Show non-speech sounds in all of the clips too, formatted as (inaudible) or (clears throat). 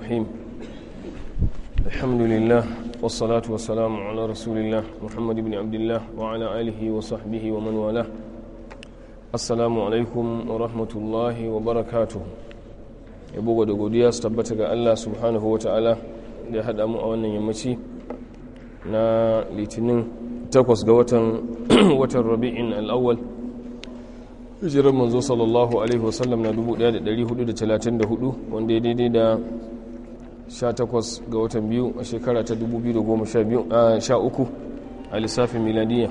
الرحيم الحمد لله والصلاة والسلام على رسول الله محمد بن عبد الله وعلى آله وصحبه ومن والاه السلام عليكم wa الله وبركاته da godiya su tabbata ga allah subhanahu wa mu a wannan yammaci na litinin ga watan (clears throat) watan rabi'in hijirar manzo sallallahu alaihi wasallam na 1434 wanda ya daidai da 18 ga watan biyu a shekara ta 2013 a lissafin miladiya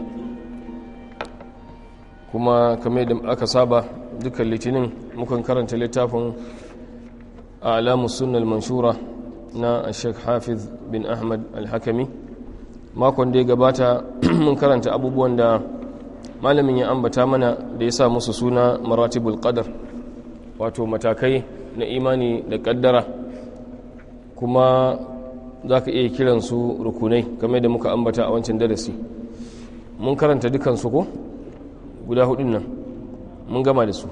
kuma kamar da aka saba dukkan litinin mukan karanta littafin alamu Sunan manshura na sheikh hafiz bin ahmad alhakami makon da ya gabata (clears throat) mun karanta abubuwan da malamin ya ambata mana da ya sa musu suna maratibul qadar wato matakai na imani da kaddara kuma za ka iya kiransu rukunai game da muka ambata a wancan darasi mun karanta dukansu ko guda hudun nan mun gama da su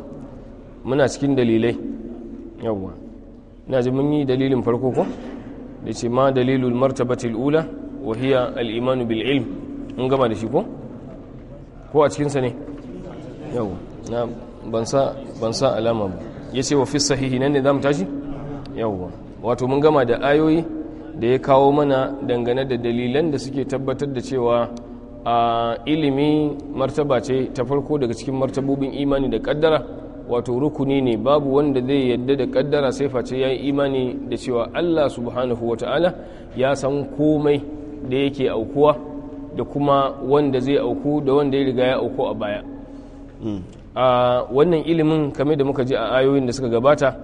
muna cikin dalilai yawwa ina ji mun yi dalilin farko ko da ce ma dalilul martabatil ula wa hiya al-imanu bil ilm mun gama da shi ko ko a cikinsa ne yawwa na ban sa alama ba yace wa fi sahihi nan ne zamu tashi yawwa wato mun gama da ayoyi da ya kawo mana dangane da dalilan da suke tabbatar da cewa a ilimi martaba ce ta farko daga cikin martabobin imani da kaddara wato rukuni ne babu wanda zai yadda da kaddara sai face ya yi imani da cewa Allah subhanahu wa ta'ala ya san komai da yake aukuwa da kuma wanda zai auku da wanda ya riga ya auku a baya hmm. a wannan ilimin kame da muka ji a ayoyin da suka gabata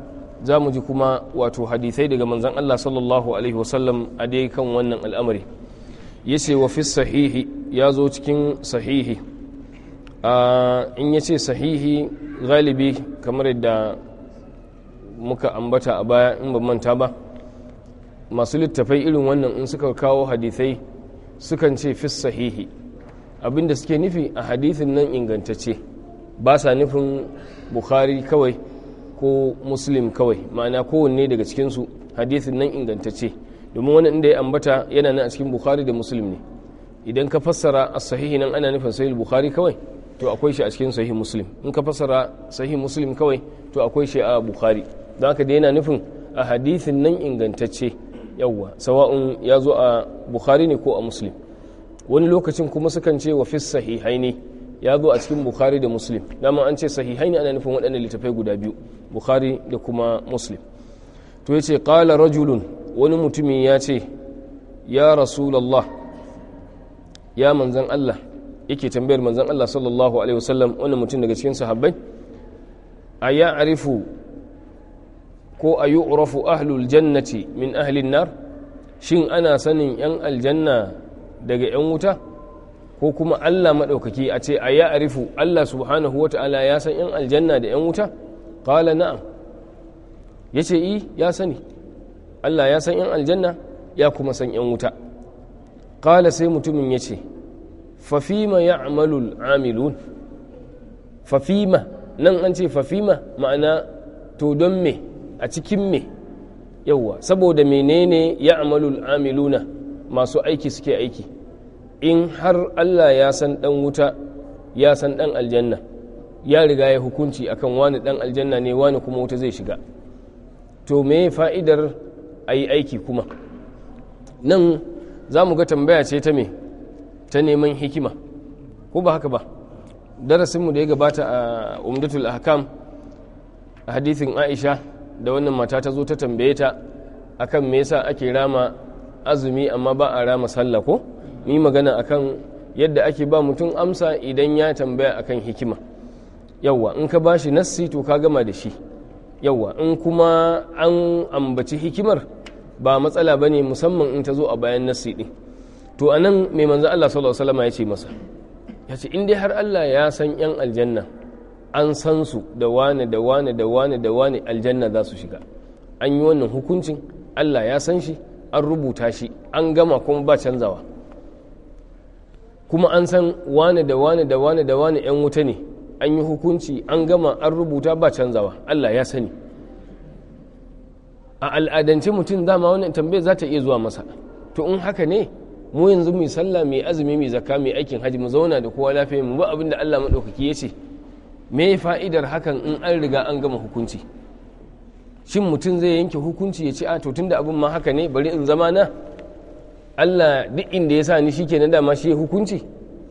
za mu ji kuma wato hadisai daga manzan Allah sallallahu alaihi wasallam a dai kan wannan al'amari ya ce wa fi sahihi ya zo cikin sahihi in ya ce sahihi galibi kamar yadda muka ambata a baya in ba manta ba masu littafai irin wannan in suka kawo hadisai sukan ce fi sahihi abinda suke nufi a hadisin nan ingantacce ba sa nufin bukhari kawai ko muslim kawai ma'ana kowanne daga cikinsu hadithin nan ingantacce domin wani inda ya ambata yana nan a cikin bukhari da muslim ne idan ka fassara a sahihi nan ana nufin sahihi bukhari kawai to akwai shi a cikin sahihi muslim in ka fassara sahihi muslim kawai to akwai shi a bukhari don haka da yana nufin a hadithin nan ingantacce yawwa sawa'un ya zo a bukhari ne ko a muslim wani lokacin kuma sukan ce wa fi ne ya zo a cikin bukhari da muslim dama an ce sahihai ne ana nufin waɗannan littafai guda biyu bukhari da kuma muslim to ya ce ƙala rajulun wani mutumin ya ce ya rasulallah ya manzan allah yake tambayar manzan allah sallallahu alaihi wasallam wani mutum daga cikin sahabbai a ya arifu ko a yi urafu ahlul jannati min ahlin nar shin ana sanin yan aljanna daga yan wuta ko kuma Allah maɗaukaki a ce a ya arifu Allah subhanahu wa ta'ala ya san ‘yan aljanna da ‘yan wuta? ƙala na'am ya ce yi ya sani Allah ya san ‘yan aljanna ya kuma san ‘yan wuta ƙala sai mutumin ya ce fafima ya amalul amilun fafima nan an ce fafima ma'ana to don me a cikin me yauwa saboda menene ya amalul amiluna masu aiki suke aiki in har Allah ya san ɗan wuta ya san ɗan aljanna ya riga ya hukunci akan wani ɗan aljanna ne wani kuma wuta zai shiga to me fa'idar a yi aiki kuma nan za mu ga tambaya ce ta me ta neman hikima ko ba haka ba darasinmu da ya gabata a umdatul ahkam a hadithin aisha da wannan mata ta zo ta tambaye ta akan me yasa ake rama azumi amma ba a rama sallah ko ni magana akan yadda ake ba mutum amsa idan ya tambaya akan hikima yawwa in ka bashi nassi to ka gama da shi yawwa in kuma an ambaci hikimar ba matsala bane musamman in ta zo a bayan nassi din to anan mai manzo Allah sallallahu alaihi wasallam ya ce masa ya ce in dai har Allah ya san yan aljanna an san su da wane da wane da wane da wane aljanna za su shiga an yi wannan hukuncin Allah ya san shi an rubuta shi an gama kuma ba canzawa kuma an san wane da wane da wane da wane 'yan wuta ne an yi hukunci an gama an rubuta ba canzawa allah ya sani a al'adance mutum dama wannan tambayar za ta iya zuwa masa to in haka ne mu yanzu mai sallah mai azumi mai zakka mai aikin haji mu zauna da kowa lafiya mu ba abin da allah maɗaukaki ya ce me fa'idar hakan in an riga an gama hukunci shin mutum zai yanke hukunci ya ce a to tunda abin ma haka ne bari in zama na Allah duk inda ya sa ni shi kenan dama shi hukunci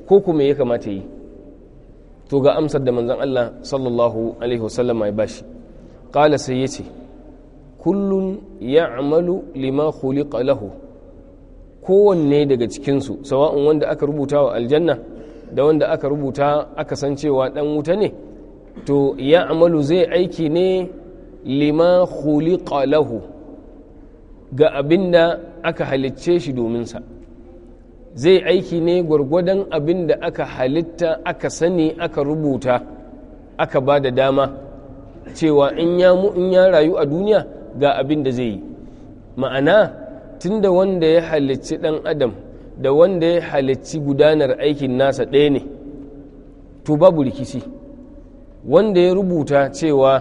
ko kuma ya kamata yi to ga amsar da manzon Allah sallallahu alaihi wasallam ya bashi qala sai yace kullun ya'malu lima khuliqa lahu kowanne daga cikin su sawa'un wanda aka rubuta wa aljanna da wanda aka rubuta aka san cewa dan wuta ne to ya'malu zai aiki ne lima khuliqa lahu ga abin da aka halicce shi domin sa. zai aiki ne gwargwadon abin da aka halitta aka sani aka rubuta aka ba da dama cewa in ya in ya rayu a duniya ga abin da zai yi ma'ana tunda wanda ya halicci ɗan adam da wanda ya halicci gudanar aikin nasa ɗaya ne to babu rikici wanda ya rubuta cewa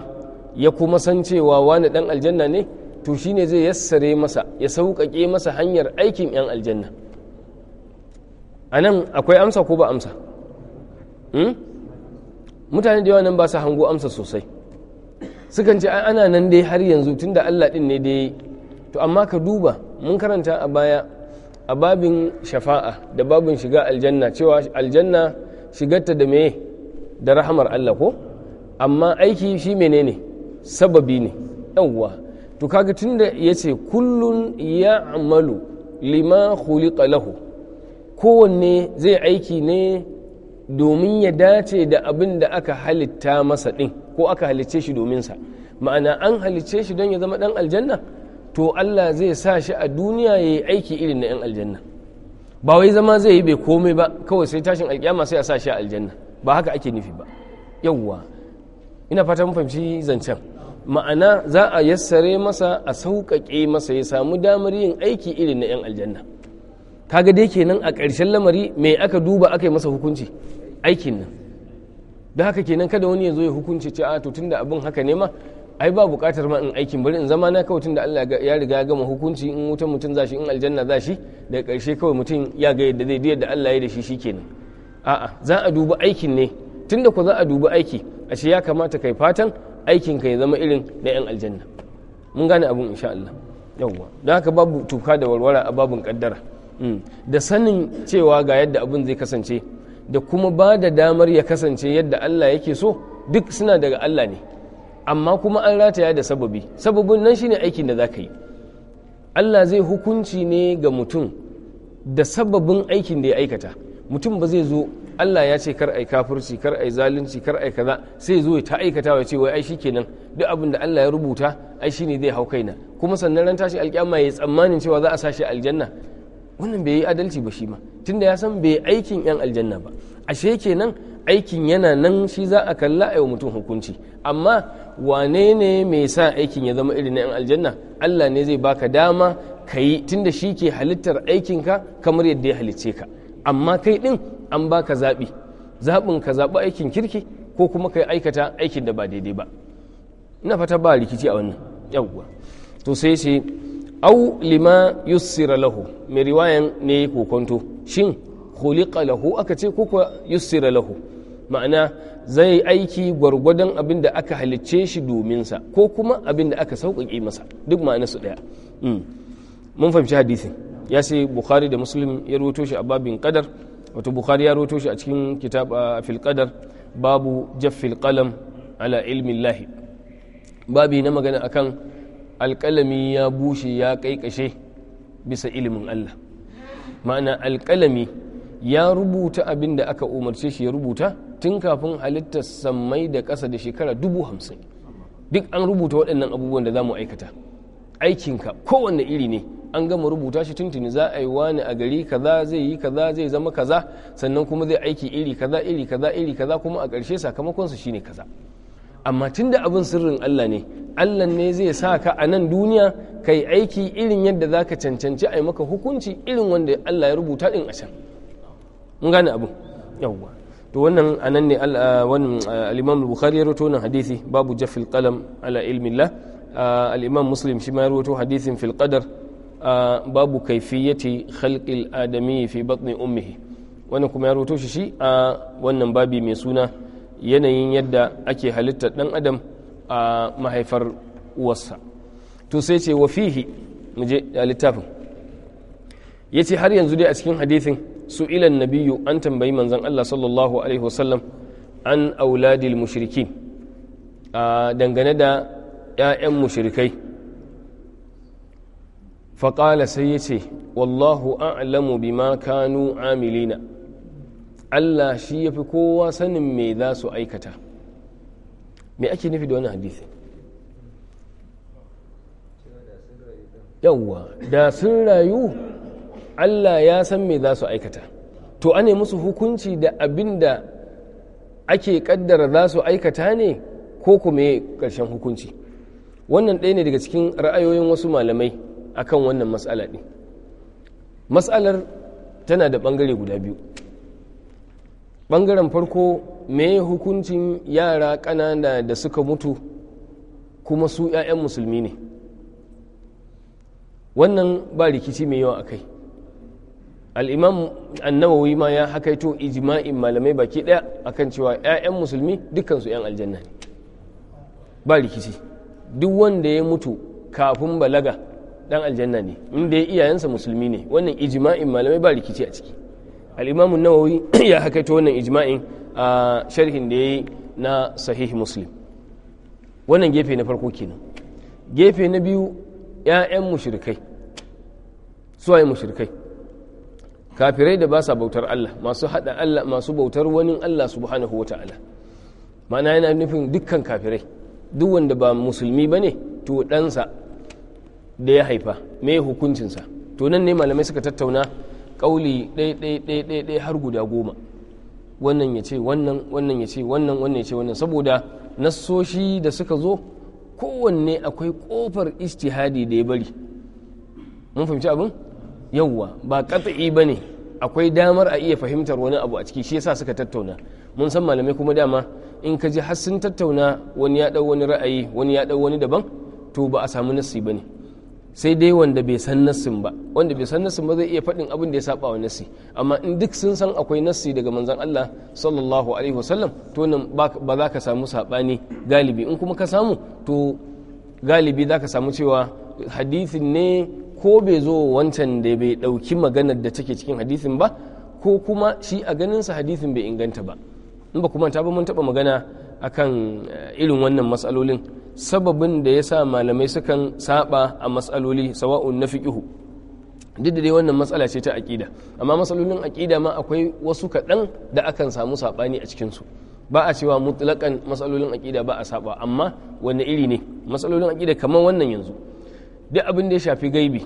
ya kuma san cewa wani ɗan aljanna ne to shi ne zai yassare masa ya sauƙaƙe masa hanyar aikin 'yan aljanna a nan akwai amsa ko ba amsa hmm? mutane da yawa nan ba su hango amsa sosai sukan ce ana nan dai har yanzu tun da allah ɗin ne dai to amma ka duba mun karanta a baya a babin shafa'a da babin shiga aljanna cewa aljanna shigarta da me da rahamar allah ko amma aiki shi menene sababi ne yawwa to kaga tunda ya ce kullun ya amalu lima khuliqa lahu kowanne zai aiki ne domin ya dace da abin da aka halitta masa ɗin ko aka halicce shi dominsa ma'ana an halicce shi don ya zama ɗan aljanna to Allah zai sa shi a duniya ya yi aiki irin na 'yan aljanna ba wai zama zai yi bai komai ba kawai sai tashin alkyama sai a sa shi a aljanna ba haka ake nufi ba yawwa ina fatan fahimci zancen ma'ana za a yassare masa a sauƙaƙe masa ya samu damar yin aiki irin na 'yan aljanna kaga dai kenan a ƙarshen lamari me aka duba aka yi masa hukunci aikin nan da haka kenan kada wani ya zo ya hukunci ce a tun da abin haka ne ma ai ba buƙatar ma in aikin bari in zama na kawai tun da Allah ya riga ya gama hukunci in wutan mutum zashi in aljanna zashi daga ƙarshe kawai mutum ya ga yadda zai da Allah ya da shi shikenan a'a za a duba aikin ne tunda ku za a duba aiki ashe ya kamata kai fatan aikinka ya zama irin na 'yan aljanna mun gane abun insha Allah yawwa don haka babu tuka da warwara a babin kaddara mm. da sanin cewa ga yadda abun zai kasance da kuma ba da damar ya kasance yadda Allah yake so duk suna daga Allah ne amma kuma an rataya da sababi sababin nan shine aikin da za ka yi Allah zai hukunci ne ga mutum da sababin aikin da ya aikata mutum ba zai zo Allah ya ce kar ai kafirci kar ai zalunci kar ai kaza sai zo ta aikata ya ce wai ai shikenan duk abin da Allah ya rubuta ai shine zai hau kaina kuma sannan ran tashi alƙiyama ya tsammanin cewa za a sashi aljanna wannan bai yi adalci ba shi ma tunda ya san bai aikin yan aljanna ba ashe kenan aikin yana nan shi za a kalla a mutum hukunci amma wane ne mai sa aikin ya zama irin na yan aljanna Allah ne zai baka dama ka yi tunda shi ke halittar aikinka kamar yadda ya halicce ka amma kai ɗin an baka zaɓi zaɓin ka zaɓi aikin kirki ko kuma ka aikata aikin da ba daidai ba ina fata ba rikici a wannan yawwa to sai ce au lima yussira lahu mai riwayan ne kokonto shin khuliqa lahu aka ce ko yussira lahu ma'ana zai aiki gwargwadon abin da aka halicce shi domin sa ko kuma abin da aka sauƙaƙe masa duk ma'ana su ɗaya hmm. mun fahimci hadisin ya sai bukhari da muslim ya rubuto shi a babin qadar wato bukhari ya rubuto shi a cikin kitab a fil babu jaffil qalam ala ilmi lahi babi na magana akan alkalami ya bushe ya kaikashe bisa ilimin Allah ma'ana alkalami ya rubuta abin da aka umarce shi ya rubuta tun kafin halitta sammai da ƙasa da shekara dubu hamsin duk an rubuta waɗannan abubuwan da za mu aikata aikinka kowanne iri ne an gama rubuta shi tuntuni za a yi wani a gari kaza zai yi kaza zai zama kaza sannan kuma zai aiki iri kaza iri kaza iri kaza kuma a ƙarshe sakamakonsa shine kaza amma tunda abin sirrin Allah ne Allah ne zai sa ka a nan duniya kai aiki irin yadda za ka cancanci a yi maka hukunci irin wanda Allah ya rubuta din a can mun gane abin yawwa to wannan anan ne wannan al Bukhari ya rawaito babu jafil qalam ala ilmillah al Muslim shi ma ya rawaito hadisin fil qadar babu kaifiyati khalqil adami fi batni ummihi wannan kuma ya roto shi shi a wannan babi mai suna yanayin yadda ake halittar dan adam a mahaifar uwarsa to sai ce wa fihi mu je a littafin yace har yanzu dai a cikin hadisin su'ilan nabiyyu an tambayi manzon Allah sallallahu alaihi wasallam an auladil mushrikin dangane da 'ya'yan mushrikai faƙala sai ya ce wallahu a'lamu bima kanu amilina Allah shi ya fi kowa sanin me za su aikata me ake nufi da wani hadisi da sun rayu Allah ya san me za su aikata to ane musu hukunci da abin da ake kaddara za su aikata ne ko kuma ƙarshen hukunci wannan ɗaya ne daga cikin ra'ayoyin wasu malamai akan wannan matsala ɗin matsalar tana da ɓangare guda biyu ɓangaren farko me hukuncin yara ƙanana da suka mutu kuma su 'ya'yan musulmi ne wannan ba rikici mai yawa a kai al'imam annawawi ma ya hakaito ijma'in malamai baki ɗaya akan cewa 'ya'yan musulmi dukansu 'yan aljanna ne ba rikici duk wanda ya mutu kafin balaga dan aljanna ne in dai iyayensa musulmi ne wannan ijma'in malamai ba rikici a ciki al nawawi (clears throat) ya hakaito wannan ijma'in a sharhin da yayi na sahih muslim wannan gefe na farko kenan gefe na biyu ‘ya'yan mushrikai suwaye mushrikai kafirai da ba sa bautar Allah masu hada Allah masu bautar wani Allah subhanahu wa ta'ala ma'ana yana nufin dukkan kafirai duk wanda ba musulmi ba ne to ɗansa da ya haifa me hukuncinsa to nan ne malamai suka tattauna kauli ɗaya har guda goma wannan ya ce wannan wannan ya ce wannan wannan ya ce wannan saboda nassoshi da suka zo kowanne akwai kofar istihadi da ya bari mun fahimci abin yawwa ba kat'i ba ne akwai damar a iya fahimtar wani abu a ciki shi yasa suka tattauna mun san malamai kuma dama in ka ji har sun tattauna wani ya ɗau wani ra'ayi wani ya ɗau wani daban to ba a samu nassi ba ne sai dai wanda bai san nassin ba wanda bai san nassin ba zai iya faɗin abin da ya saba wa nassi amma in duk sun san akwai nassi daga manzon Allah sallallahu alaihi wasallam to nan ba za ka samu sabani galibi in kuma ka samu to galibi za ka samu cewa hadithin ne ko bai zo wancan da bai ɗauki maganar da take cikin hadisin ba ko kuma shi a ganinsa hadisin bai inganta ba in ba kuma ta ba mun taɓa magana akan eh, irin wannan matsalolin sababin da ya sa malamai sukan saba a matsaloli sawa'un na fiƙihu duk da dai wannan matsala ce ta aƙida amma matsalolin aƙida ma akwai wasu kaɗan da akan samu saɓani a cikinsu ba a cewa mutlaƙan matsalolin aƙida ba a saba amma wanne iri ne matsalolin aƙida kamar wannan yanzu duk abin da ya shafi gaibi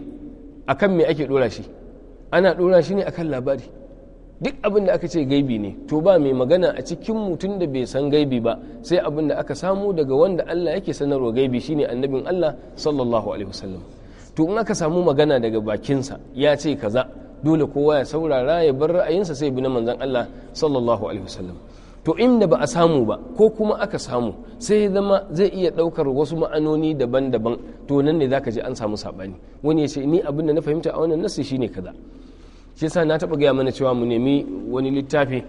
akan me ake ɗora shi ana ɗora shi ne akan labari duk abin da aka ce gaibi ne to ba mai magana a cikin mutum da bai san gaibi ba sai abin da aka samu daga wanda Allah yake sanarwa gaibi shine annabin Allah sallallahu alaihi wasallam to in aka samu magana daga bakinsa ya ce kaza dole kowa ya saurara ya bar ra'ayinsa sai bi na manzon Allah sallallahu alaihi wasallam to inda ba a samu ba ko kuma aka samu sai zama zai iya daukar wasu ma'anoni daban-daban to nan ne zaka ji an samu sabani wani ya ce ni abin da na fahimta a wannan nasi shine kaza shi sa na taɓa gaya mana cewa mu nemi wani littafi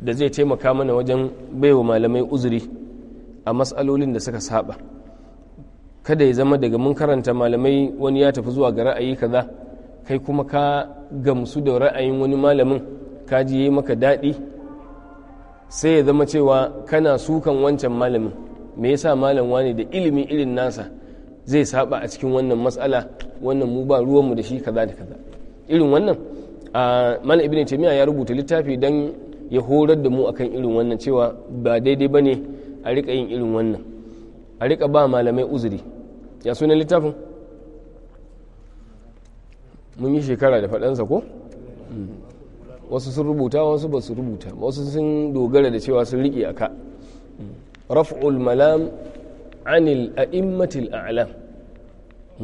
da zai taimaka mana wajen baiwa malamai uzuri a matsalolin da suka saba kada ya zama daga mun karanta malamai wani ya tafi zuwa ga ra'ayi kaza kai kuma ka gamsu da ra'ayin wani malamin ka ji yi maka daɗi sai ya zama cewa kana sukan wancan malamin me yasa malam wani da ilimi irin nasa zai saba a cikin wannan matsala wannan mu ba ruwanmu da shi kaza da kaza irin wannan malam ibn taymiya ya rubuta littafi dan ya horar da mu akan irin wannan cewa ba daidai bane a rika yin irin wannan a rika ba malamai uzuri ya sunan littafin mun yi shekara da faɗansa ko hmm. wasu sun rubuta wasu ba su rubuta wasu sun dogara da cewa sun riƙe aka hmm. raf'ul malam anil a'immatil a'lam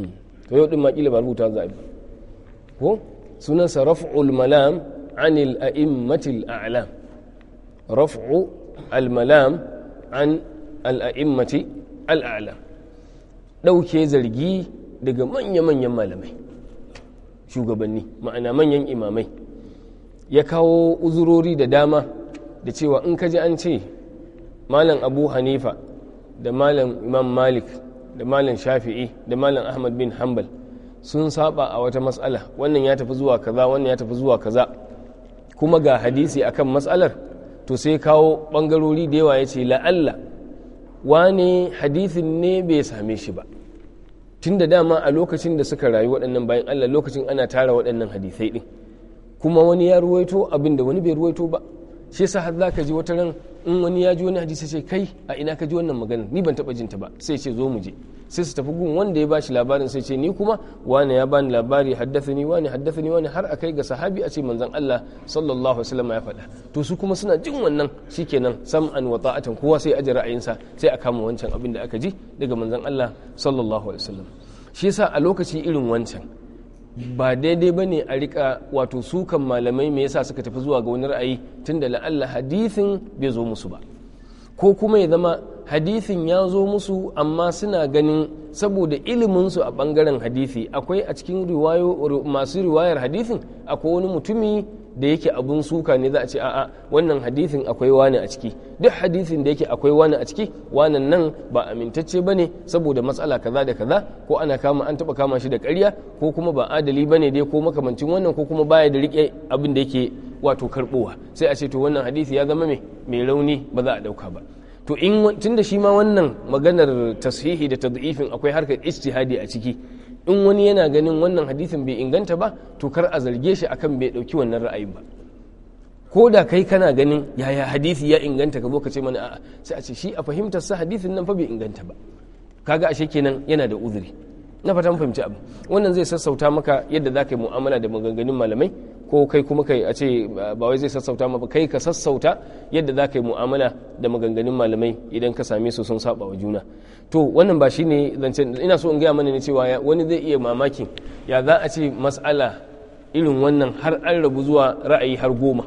hmm. to yau din ma kila ba rubuta za a ko sunansa raf'ul malam anil a'immatil a'lam raf'u al malam an al a'immati al a'lam dauke zargi daga manya-manyan malamai shugabanni ma'ana manyan imamai ya kawo uzurori da dama da cewa in ka ji an ce malam abu hanifa da malam imam malik da malam shafi'i da malam ahmad bin hanbal sun saba a wata matsala wannan ya tafi zuwa kaza wannan ya tafi zuwa kaza kuma ga hadisi akan matsalar to sai kawo bangarori da yawa ya ce la'alla wane hadisin ne bai same shi ba tun da dama a lokacin da suka rayu waɗannan bayan allah lokacin ana tara waɗannan hadisai ɗin kuma wani ya ruwaito abin da wani bai ruwaito ba shi sa har ka ji wata ran in wani ya ji wani hadisi sai kai a ina ka ji wannan magana ni ban taba jinta ba sai ce zo mu je sai su tafi gun wanda ya bashi labarin sai ce ni kuma wani ya bani labari haddathani wani haddathani wani har akai ga sahabi a ce manzon Allah sallallahu alaihi wasallam ya faɗa to su kuma suna jin wannan shikenan sam'an wa ta'atan kowa sai aje ra'ayinsa sai a kama wancan abin da aka ji daga manzon Allah sallallahu alaihi wasallam shi yasa a lokaci irin wancan ba daidai ba ne a rika wato sukan malamai me yasa suka tafi zuwa ga wani ra'ayi tunda la'alla hadithin bai zo musu ba ko kuma ya zama hadithin ya zo musu amma suna ganin saboda iliminsu a bangaren hadithi akwai a cikin masu riwayar hadithin akwai wani mutumi da yake abun suka ne za a ce a'a wannan hadisin akwai wani a ciki duk hadisin da yake akwai wani a ciki wanan nan ba amintacce bane saboda matsala kaza da kaza ko ana kama an taba kama shi da ƙarya ko kuma ba adali bane dai ko makamancin wannan ko kuma baya da rike abin da yake wato karbowa sai a ce to wannan hadisi ya zama mai rauni ba za a dauka ba to in tunda shi ma wannan maganar tashihi da tad'ifin akwai harkar ijtihadi a ciki in wani yana ganin wannan hadisin bai inganta ba to kar a zarge shi akan bai ɗauki wannan ra'ayin ba ko da kai kana ganin yaya hadisi ya inganta ka zo ka ce mana a'a sai a ce shi a fahimtar sa hadisin nan fa bai inganta ba kaga ashe kenan yana da uzuri na fata fatan fahimci abu wannan zai sassauta maka yadda zaka yi mu'amala da maganganun malamai ko kai kuma kai a ce ba wai zai sassauta ma ba kai ka sassauta yadda za ka yi mu'amala da maganganun malamai idan ka same su sun saba wa juna to wannan ba shi ne zance ina so in gaya mana ne cewa wani zai iya mamakin ya za a ce mas'ala irin wannan har an rabu zuwa ra'ayi har goma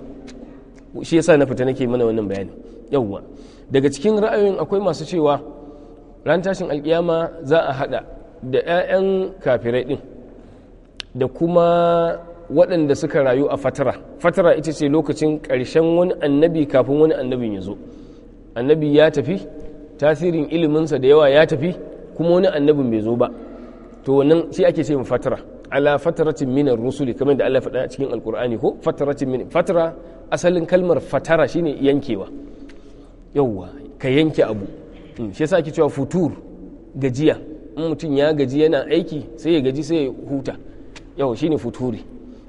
shi yasa na fita nake mana wannan bayani yawwa daga cikin ra'ayoyin akwai masu cewa ran tashin alkiyama za a hada da 'ya'yan kafirai din da kuma waɗanda suka rayu a fatara fatara ita ce lokacin ƙarshen wani annabi kafin wani annabin ya zo annabi ya tafi tasirin iliminsa da yawa ya tafi kuma wani annabin bai zo ba to wannan shi ake ce fatara ala fataratin minar rusuli kamar da Allah faɗa a cikin alkur'ani ko fataratin min fatara asalin kalmar fatara shine yankewa yawwa ka yanke abu hmm, shi yasa ake cewa futur gajiya in mutum ya gaji yana aiki sai ya gaji sai ya huta yau shine futuri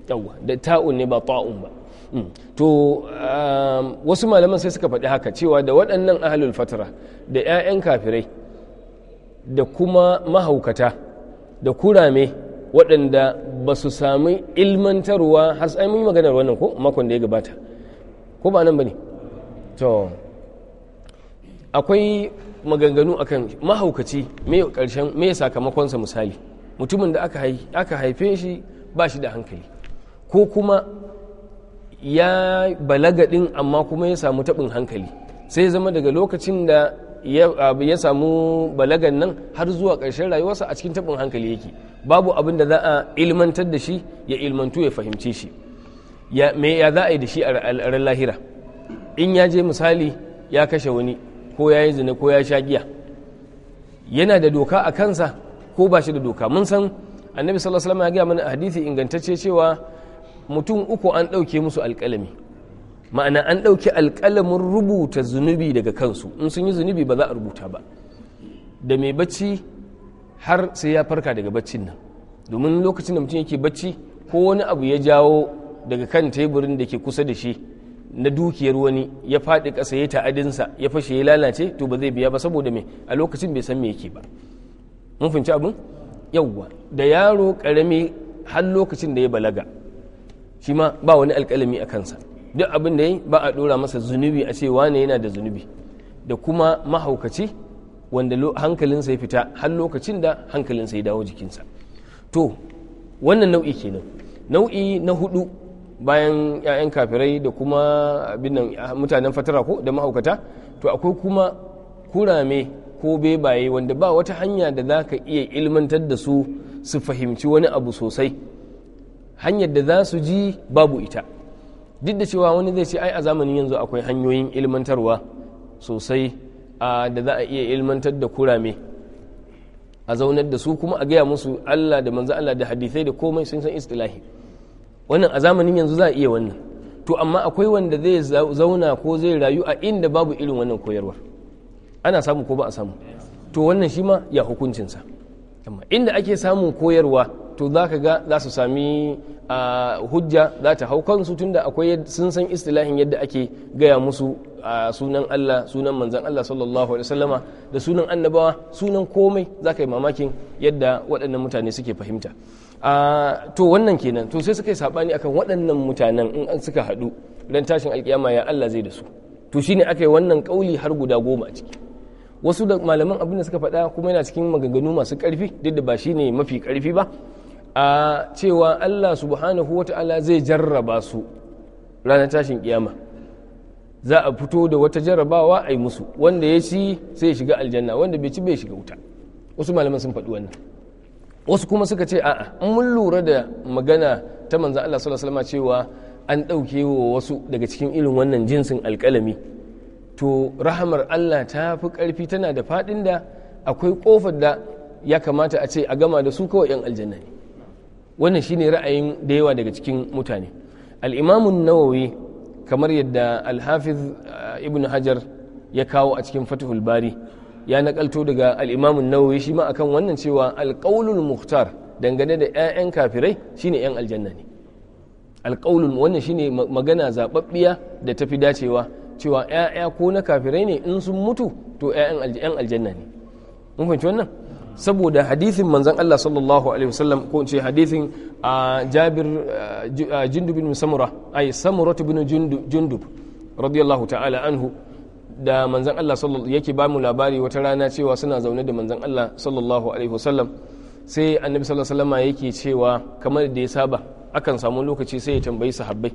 yawwa da ta'un ne ba ta'un ba mm. to um, wasu malaman sai suka faɗi haka cewa da waɗannan ahalul fatara da 'ya'yan kafirai da kuma mahaukata da kurame waɗanda ba su sami ilmantarwa har sai mun yi maganar wannan ko makon da ya gabata ko ba nan ba ne to akwai maganganu akan mahaukaci me ƙarshen mai sakamakonsa misali mutumin da aka haife shi ba shi da hankali ko kuma ya balaga din amma kuma ya samu taɓin hankali sai zama daga lokacin da ya samu balagan nan har zuwa ƙarshen rayuwarsa a cikin taɓin hankali yake babu abin da za a ilmantar da shi ya ilmantu ya fahimce shi me ya za a yi da shi a ran lahira in ya je misali ya kashe wani ko ya yi zina ko ya sha giya yana da doka a kansa ko ba shi da doka mun san annabi sallallahu alaihi wasallam ya gaya mana hadisi ingantacce cewa mutum uku an ɗauke musu alƙalami ma'ana an ɗauke alƙalamin rubuta zunubi daga kansu in sun yi zunubi ba za a rubuta ba da mai bacci har sai ya farka daga baccin nan domin lokacin da mutum yake bacci ko wani abu ya jawo daga kan teburin da ke kusa da shi na dukiyar wani ya faɗi ƙasa ya ta'adinsa ya fashe ya lalace to ba zai biya ba saboda me a lokacin bai san me yake ba mun fahimci abin yawwa da yaro ƙarami har lokacin da ya balaga shi ma ba wani alkalami a kansa duk abin da yi ba a ɗora masa zunubi a ce wane yana da zunubi da kuma mahaukaci wanda hankalinsa ya fita har lokacin da hankalinsa ya dawo jikinsa to wannan nau'i kenan nau'i na hudu bayan 'ya'yan kafirai da kuma abin mutanen fatara ko da mahaukata to akwai kuma kurame ko bebaye wanda ba wata hanya da za ka iya ilmantar da su su fahimci wani abu sosai hanyar da za su ji babu ita duk da cewa wani zai ce ai a zamanin yanzu akwai hanyoyin ilmantarwa sosai da za a iya ilmantar da kurame a zaunar da su kuma a gaya musu Allah da manzo Allah da hadisai da komai sun san istilahi wannan a zamanin yanzu za a iya wannan to amma akwai wanda zai zauna ko zai rayu a inda babu irin wannan koyarwar ana samu ko ba a samu to wannan shi ma ya hukuncinsa amma inda ake samun koyarwa to za ka ga za su sami hujja za ta hau kansu tunda akwai sun san istilahin yadda ake gaya musu a sunan Allah sunan manzan Allah sallallahu alaihi wasallama da sunan annabawa sunan komai za ka yi mamakin yadda waɗannan mutane suke fahimta to wannan kenan to sai suka yi saɓani akan waɗannan mutanen in an suka haɗu don tashin alkiyama ya Allah zai da su to shine aka yi wannan ƙauli har guda goma a ciki wasu da malaman abin da suka faɗa kuma yana cikin maganganu masu ƙarfi duk da ba ne mafi ƙarfi ba a cewa Allah subhanahu wata'ala zai jarraba su ranar tashin kiyama za a fito da wata jarrabawa a yi musu wanda ya ci sai ya shiga aljanna wanda bai ci bai shiga wuta wasu malaman sun faɗi wannan wasu kuma suka ce a'a in mun lura da magana ta manza Allah sallallahu alaihi cewa an ɗauke wa wasu daga cikin irin wannan jinsin alƙalami to rahamar Allah ta fi ƙarfi tana da faɗin da akwai ƙofar da ya kamata a ce a gama da su kawai 'yan aljanna ne wannan shine ra'ayin da yawa daga cikin mutane al'imamun nawawi kamar yadda alhafiz uh, ibn hajar ya kawo a cikin fatihul bari ya nakalto daga al'imamun nawawi shi ma akan wannan cewa alƙaulul muhtar dangane da 'ya'yan kafirai shine 'yan aljanna ne alƙaulul wannan shine magana zaɓaɓɓiya da tafi dacewa cewa 'ya'ya ko na kafirai ne in sun mutu to 'ya'yan aljanna ne mun fahimci wannan saboda hadithin manzan Allah sallallahu alaihi wasallam ko in ce hadithin Jabir Jundub bin Samura ai Samura bin jindub radiyallahu ta'ala anhu da manzan Allah sallallahu yake ba mu labari wata rana cewa suna zaune da manzan Allah sallallahu alaihi wasallam sai annabi sallallahu alaihi wasallam yake cewa kamar da ya saba akan samu lokaci sai ya tambayi sahabbai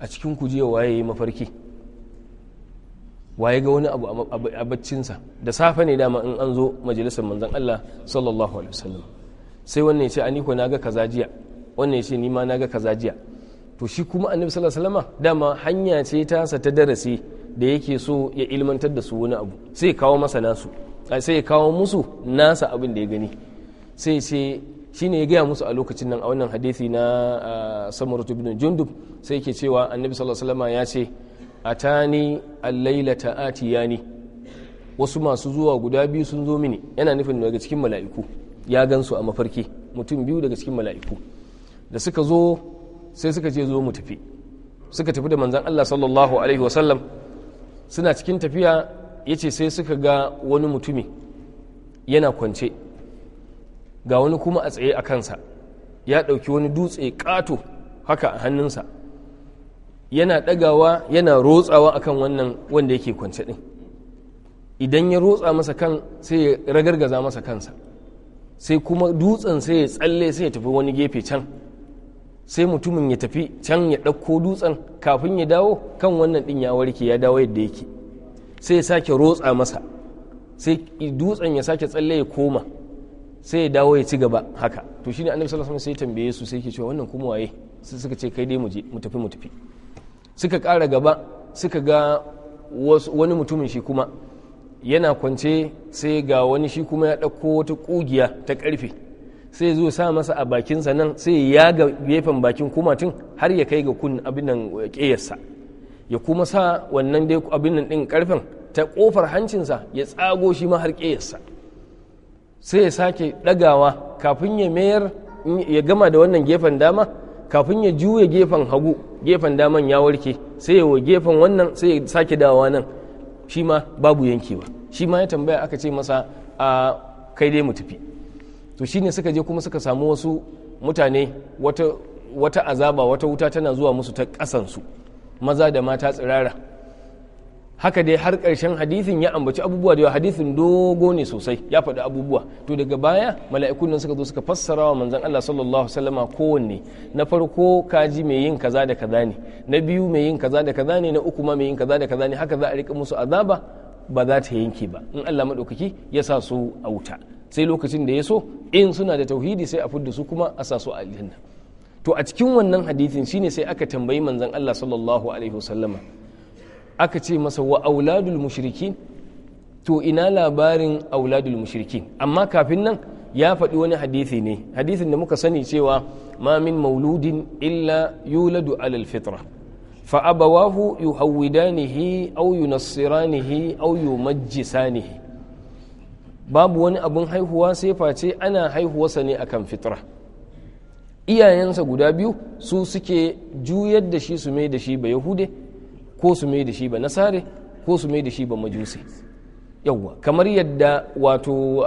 a cikin kujewa yayi mafarki wa ya ga wani abu a baccinsa da safe ne dama in an zo majalisar manzan Allah sallallahu alaihi wasallam sai wannan ya ce aniko na ga kaza jiya wannan ya ce ni ma na ga kaza jiya to shi kuma annabi sallallahu alaihi wasallam dama hanya ce tasa ta darasi da yake so ya ilmantar da su wani abu sai kawo masa nasu sai kawo musu nasa abin da ya gani sai ce shine ya gaya musu a lokacin nan a wannan hadisi na ah, samuratu bin jundub sai yake cewa annabi sallallahu alaihi wasallam ya ce atani allailata atiyani wasu masu zuwa guda biyu sun zo mini yana nufin daga cikin mala'iku ya gansu a mafarki mutum biyu daga cikin mala'iku da suka zo sai suka ce zo mu tafi suka tafi da manzan Allah sallallahu alaihi wasallam suna cikin tafiya yace sai suka ga wani mutumi yana kwance ga wani kuma a tsaye a kansa ya ɗauki wani dutse ƙato haka a hannunsa yana ɗagawa yana rotsawa akan wannan wanda yake kwance ɗin idan ya rotsa masa kan sai ya ragargaza masa kansa sai kuma dutsen sai ya tsalle sai ya tafi wani gefe can sai mutumin ya tafi can ya ɗauko dutsen kafin ya dawo kan wannan ɗin ya warke ya dawo yadda yake sai ya sake rotsa masa sai dutsen ya sake tsalle ya koma sai ya dawo ya ci gaba haka to shine annabi sallallahu alaihi wasallam sai ya tambaye su sai yake cewa wannan kuma waye sai suka ce kai dai mu je mu tafi mu tafi suka ƙara gaba suka ga wani mutumin shi kuma yana kwance sai ga wani shi kuma ya ɗauko wata ƙugiya ta ƙarfe sai zo sa masa a bakinsa nan sai ya ga gefen bakin kumatin har ya kai ga kun abin nan ƙeyarsa ya kuma sa wannan dai abin nan ɗin ƙarfen ta ƙofar hancinsa ya tsago shi ma har ƙeyarsa sai ya sake ɗagawa kafin ya mayar ya gama da wannan gefen dama kafin ya juya gefen hagu gefen daman ya warke sai ya gefen wannan sai ya sake dawowa nan shi ma babu yankewa shi ma ya tambaya aka ce masa a kai dai mu tafi to ne suka je kuma suka samu wasu mutane wata azaba wata wuta tana zuwa musu ta kasansu maza da mata tsirara haka dai har karshen hadisin ya ambaci abubuwa da yawa hadisin dogo ne sosai ya faɗi abubuwa to daga baya mala'ikun nan suka zo suka fassara wa manzon Allah sallallahu alaihi kowanne na farko kaji mai yin kaza da kaza ne na biyu mai yin kaza da kaza ne na uku ma mai yin kaza da kaza ne haka za a rika musu azaba ba za ta yanke ba in Allah madaukaki ya sa su a wuta sai lokacin da ya so in suna da tauhidi sai a fudda su kuma a sa su a aljanna to a cikin wannan hadisin shine sai aka tambayi manzon Allah sallallahu alaihi wasallama aka ce masa wa auladul mushrikin to ina labarin auladul mushrikin amma kafin nan ya faɗi wani hadisi ne hadisin da muka sani cewa ma min mauludin illa yuladu alal fitra fa abawahu yuhawwidanihi aw yunassiranihi aw yumajjisanihi babu wani abun haihuwa sai face ana haihuwarsa ne akan fitra iyayensa guda biyu su suke juyar da shi su mai da shi ba yahude ko su mai da shi ba nasare ko su mai da shi ba majusi yawwa kamar yadda wato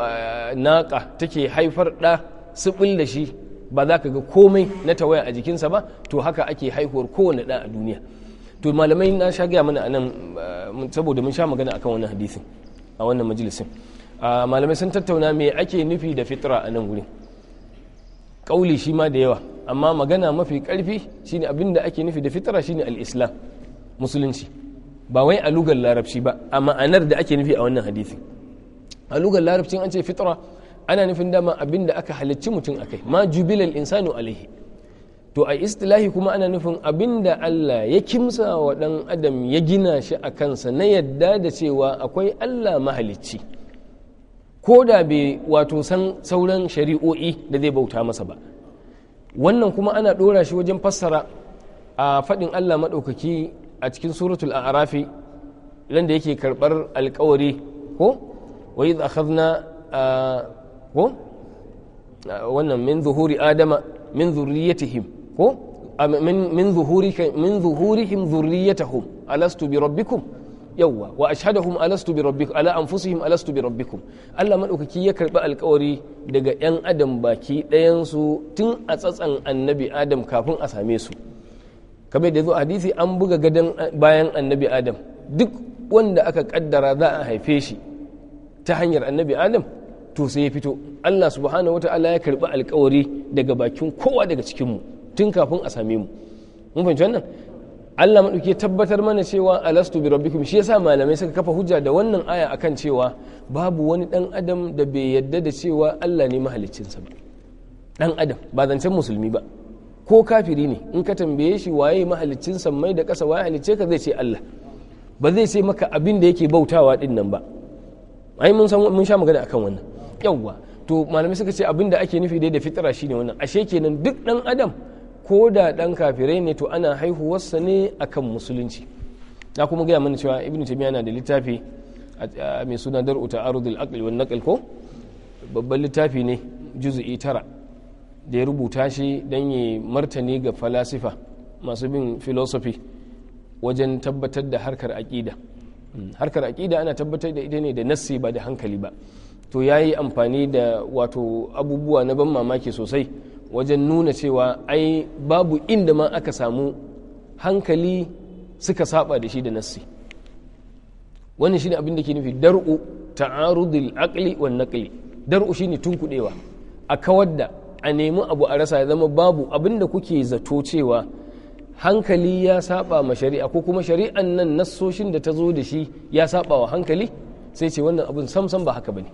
naƙa take haifar ɗa siɓil da shi ba za ka ga komai na tawaya a jikinsa ba to haka ake haihuwar kowane ɗa a duniya to malamai na sha gaya mana nan saboda mun sha magana akan wannan hadisin a wannan majalisin malamai sun tattauna me ake nufi da fitra a nan wurin ƙauli shi ma da yawa amma magana mafi ƙarfi shine abin da ake nufi da fitra shine al-islam musulunci ba wai a lugar larabci ba a ma'anar da ake nufi a wannan hadisi a lugar larabci an ce fitra ana nufin dama abin da aka halicci mutum akai ma jubilal insanu alaihi to a istilahi kuma ana nufin abin da Allah ya kimsa wa dan adam ya gina shi a kansa na yadda da cewa akwai Allah mahalicci ko da bai wato san sauran shari'o'i da zai bauta masa ba wannan kuma ana ɗora shi wajen fassara a faɗin Allah maɗaukaki a cikin suratul a'rafi ran da yake karbar alkawari ko wa idh akhadna ko wannan min zuhuri adama min zurriyatihim ko min min zuhuri min zuhurihim zurriyatahum alastu bi rabbikum yawwa wa ashhadahum alastu bi rabbikum ala anfusihim alastu bi rabbikum Allah madaukaki ya karbi alkawari daga yan adam baki ɗayansu tun a tsatsan annabi adam kafin a same su kamar da zo hadisi an buga gadon bayan annabi adam duk wanda aka kaddara za a haife shi ta hanyar annabi adam to sai ya fito allah subhanahu wa ta'ala ya karbi alkawari daga bakin kowa daga cikinmu tun kafin a same mu mun fahimci wannan allah maɗauki tabbatar mana cewa alastu bi rabbikum shi yasa malamai suka kafa hujja da wannan aya akan cewa babu wani dan adam da bai yadda da cewa allah ne mahaliccinsa ba dan adam ba zancen musulmi ba ko kafiri ne in ka tambaye shi waye mahalicin sammai da kasa waye halicce ka zai ce Allah ba zai ce maka abin da yake bautawa din nan ba ai mun san mun sha magana akan wannan yawwa to malamai suka ce abin da ake nufi dai da fitira shine wannan ashe kenan duk dan adam ko da dan kafirai ne to ana haihuwarsa ne akan musulunci na kuma gaya mana cewa ibnu taymiya na da littafi mai suna dar'u ta'arudul aqli wan naql ko babban littafi ne juz'i tara da ya rubuta shi don yi martani ga falasifa masu bin philosophy wajen tabbatar da harkar aƙida hmm, harkar aƙida ana tabbatar da ita ne da nassi ba da hankali ba to ya yi amfani da wato abubuwa na ban mamaki sosai wajen nuna cewa ai babu inda ma aka samu hankali suka saba da shi da nassi wannan shine abin da ke nufi dar'u ta'arudul aqli wan naqli dar'u shine tunkudewa a kawar da a nemi abu a rasa ya zama babu abin da kuke zato cewa hankali ya saba ma shari'a ko kuma shari'an nan nassoshin da ta zo da shi ya saba wa hankali sai ce wannan abin samsam ba haka bane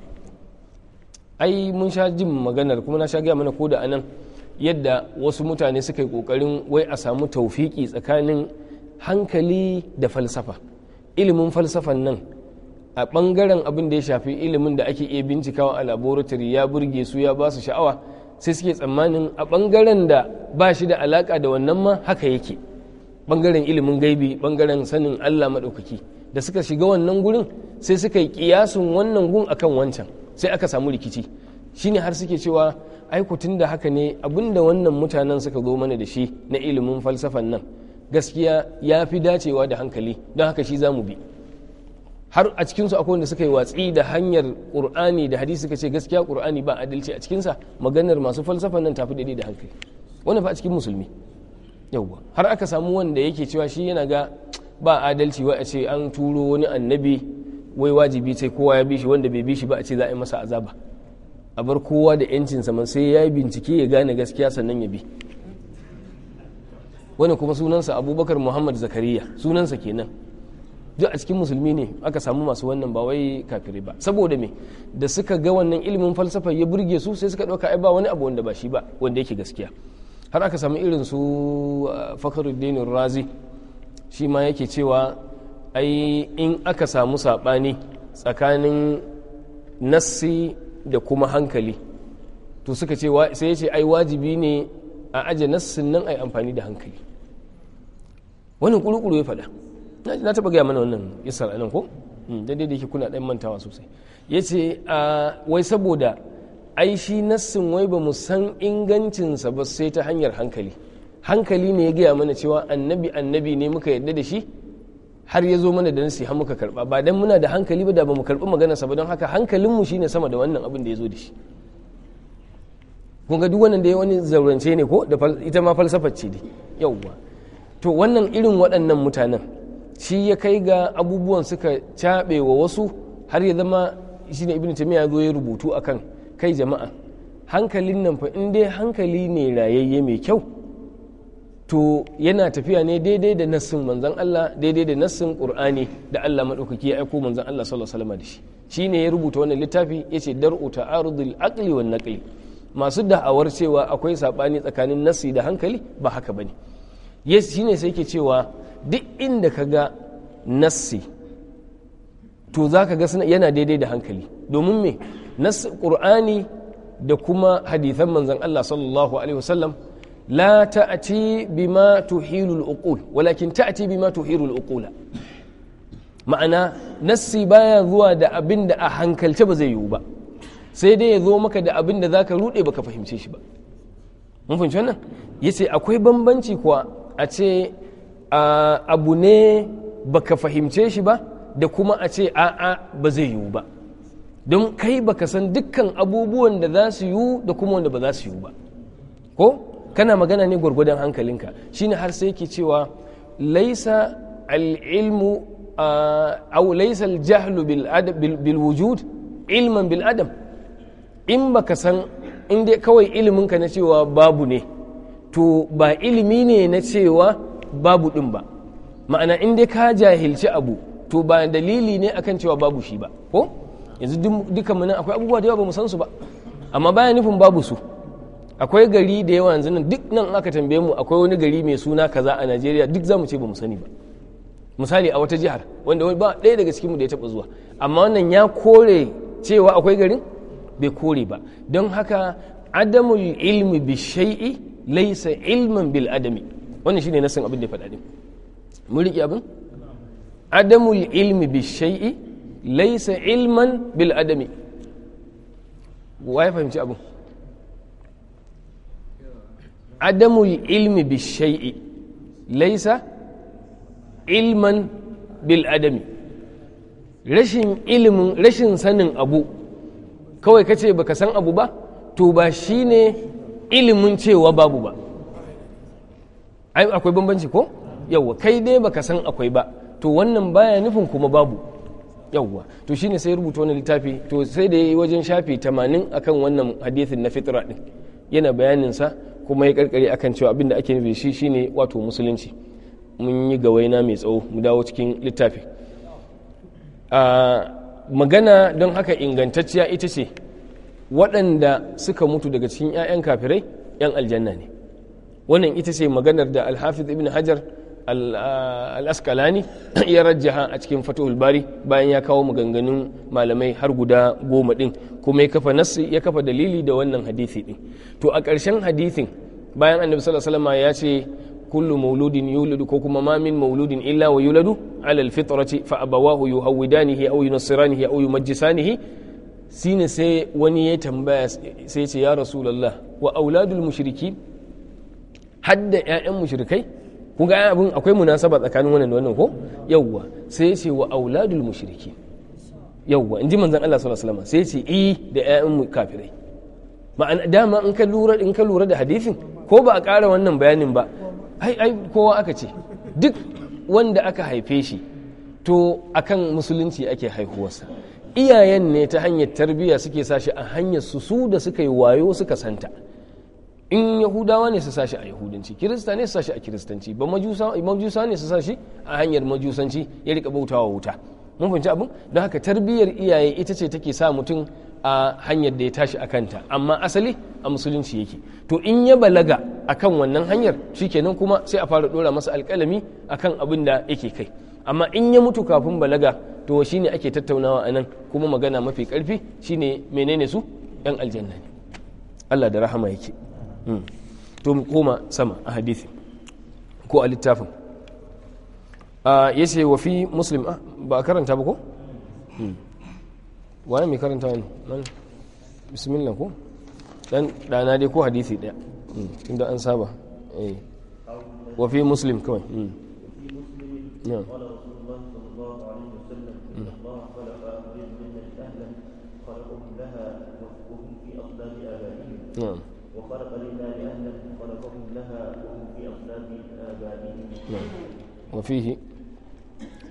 ai mun sha jin maganar kuma na sha gaya mana ko da anan yadda wasu mutane suka yi kokarin wai a samu taufiki tsakanin hankali da falsafa ilimin falsafan nan a bangaren abin da ya shafi ilimin da ake iya bincikawa a laboratory ya burge su ya ba su sha'awa sai suke tsammanin a ɓangaren da ba shi da alaƙa da wannan ma haka yake ɓangaren ilimin gaibi ɓangaren sanin allah maɗaukaki da suka shiga wannan gurin sai suka yi ƙiyasun wannan gun akan wancan sai aka samu rikici shine har suke cewa aikutun da haka ne abinda wannan mutanen suka zo mana da shi na ilimin falsafan nan gaskiya ya fi dacewa da hankali don haka shi za mu bi har a cikinsu akwai wanda suka yi watsi da hanyar ƙur'ani da hadisi suka ce gaskiya ƙur'ani ba adalci a cikinsa maganar masu falsafa nan tafi daidai da hankali wannan fa a cikin musulmi yauwa har aka samu wanda yake cewa shi yana ga ba adalci wai a ce an turo wani annabi wai wajibi sai kowa ya bi shi wanda bai bi shi ba a ce za a yi masa azaba a bar kowa da yancinsa man sai ya yi bincike ya gane gaskiya sannan ya bi wani kuma sunansa abubakar muhammad zakariya sunansa kenan duk a cikin musulmi ne aka samu masu wannan ba wai kafirai ba saboda me da suka ga wannan ilimin falsafa ya burge su sai suka ɗauka ai ba wani abu wanda ba shi ba wanda yake gaskiya har aka samu irin su uh, fakhruddin razi shi ma yake cewa ai in aka samu saɓani tsakanin nassi da kuma hankali to suka ce sai ya ce ai wajibi ne a aje nassin nan ai amfani da hankali wannan kurukuru ya faɗa na taba gaya mana wannan isar anan ko hmm, daidai da yake kuna ɗan mantawa sosai ya ce ah, wai saboda ai shi nassin wai ba san ingancinsa ba sai ta hanyar hankali hankali ne ya gaya mana cewa annabi annabi ne muka yarda da shi har ya zo mana da nasi har muka karba ba dan muna da hankali ba da ba mu karbi maganarsa ba don haka hankalinmu shine sama da wannan abin da ya zo da shi kun ga duk wannan da ya wani zaurance ne ko da ita ma falsafar ce dai yauwa to wannan irin waɗannan mutanen shi ya kai ga abubuwan suka caɓe wa wasu har ya zama shi ne ibn tamiya ya zo ya rubutu akan kai jama'a hankalin nan fa in dai hankali ne rayayye mai kyau to yana tafiya ne daidai da nassin manzon Allah daidai da nassin Qur'ani da Allah madaukaki ya aiko manzon Allah sallallahu alaihi wasallam da shi shine ya rubuta wannan littafi yace dar'u ta'arudul aqli wan naqli masu da'awar cewa akwai sabani tsakanin nassi da hankali ba haka bane yes shine sai ke cewa duk inda ka ga nassi to za ka ga yana daidai da hankali domin me nassi qur'ani da kuma hadithan manzon Allah sallallahu alaihi wasallam la ta'ati bima tuhilul uqul walakin ta'ati bima tuhilul uqula ma'ana nassi baya zuwa da abinda a hankalce ba zai yiwu ba sai dai ya zo maka da abinda zaka rude baka fahimce shi ba mun fahimci wannan yace akwai bambanci kuwa a ce abu ne baka fahimce shi ba da kuma a ce a'a ba zai yiwu ba don kai baka san dukkan abubuwan da za su yiwu da kuma wanda ba za su yiwu ba ko kana magana ne gwargwadon hankalinka shine har sai ke cewa laisa al'ilmu au laisa al-jahlu bil wujud ilman bil adam in baka san in dai kawai iliminka na cewa babu ne to ba ilimi ne na cewa babu ɗin ba ma'ana inda ka jahilci abu to ba dalili ne akan cewa babu shi ba ko yanzu duka mu akwai abubuwa da yawa ba mu san su ba amma baya nufin babu su akwai gari da yawa yanzu nan duk nan aka tambaye mu akwai wani gari mai suna kaza a Najeriya duk zamu ce ba mu sani ba misali a wata jihar wanda ba ɗaya daga cikin mu da ya taɓa zuwa amma wannan ya kore cewa akwai garin bai kore ba don haka adamul ilmi bi shay'i laisa ilmin bil adami wannan shine nasan abin da faɗa din mun riƙe abin adamul ilmi bi shay'i laisa ilman bil adami wa ya fahimci abin adamul ilmi bi shay'i laisa ilman bil adami rashin ilimin rashin sanin abu kawai kace baka san abu ba to ba shine ilimin cewa babu ba ai akwai bambanci ko yawwa kai dai baka san akwai ba to wannan baya nufin kuma babu yawwa to shine sai rubuta wani littafi to sai da yayi wajen shafi 80 akan wannan hadisin na fitra din yana bayanin sa kuma ya karkare akan cewa abinda ake nufi shi shine wato musulunci mun yi waina mai tsawo mu dawo cikin littafi a ah, magana don haka ingantacciya ita ce waɗanda suka mutu daga cikin 'ya'yan kafirai 'yan aljanna ne wannan ita ce maganar da alhafiz ibn hajar ah, al'askalani (clears throat) ya rajjaha a cikin fatahul bari bayan ya kawo maganganun malamai har guda goma ɗin kuma ya kafa ya kafa dalili da wannan hadithi ɗin to a ƙarshen hadithin bayan annabi sallallahu alaihi ya ce kullu mauludin yuladu ko kuma mamin mauludin illa wa yuladu alal fitrati fa abawahu yuhawidanihi aw yunassiranihi aw yumajjisanihi shine sai wani ya tambaya sai ce ya rasulallah wa auladul mushriki hadda ƴaƴan mushrikai kun ga abin akwai munasaba tsakanin wannan da wannan ko yawwa sai ce wa auladul mushriki yawwa inji manzon Allah sallallahu alaihi wasallam sai ce i da ƴaƴan kafirai ma'ana dama in ka lura in ka lura da hadisin ko ba a ƙara wannan bayanin ba ai ai kowa aka ce duk wanda aka haife shi to akan musulunci ake haihuwarsa iyayen ne ta hanyar tarbiyya suke sashi a hanyar su su da suka yi wayo suka santa in yahudawa ne su sashi a yahudanci kirista ne su sashi a kiristanci ba majusa ne su sashi a hanyar majusanci ya rika bautawa wuta mun fahimci abin don haka tarbiyyar iyaye ita ce take sa mutum a hanyar da ya tashi a kanta amma asali a musulunci yake to in ya balaga akan wannan hanyar shikenan kuma sai a fara dora masa alkalami akan abin da yake kai amma in ya mutu kafin balaga to shine ake tattaunawa a nan kuma magana mafi karfi shine menene su yan aljanna ne Allah da rahama yake hmm. to mu koma sama a hadisi ko a littafin ya ce wa fi muslim ah, ba a karanta ba ko? Hmm. wani mai karanta wani bismillah ko? dan dana dai ko hadisi daya hmm. da an saba eh. wa fi muslim kawai نعم وخلق لله أهلا وخلقهم لها وهم في أصلاب آبائهم نعم وفيه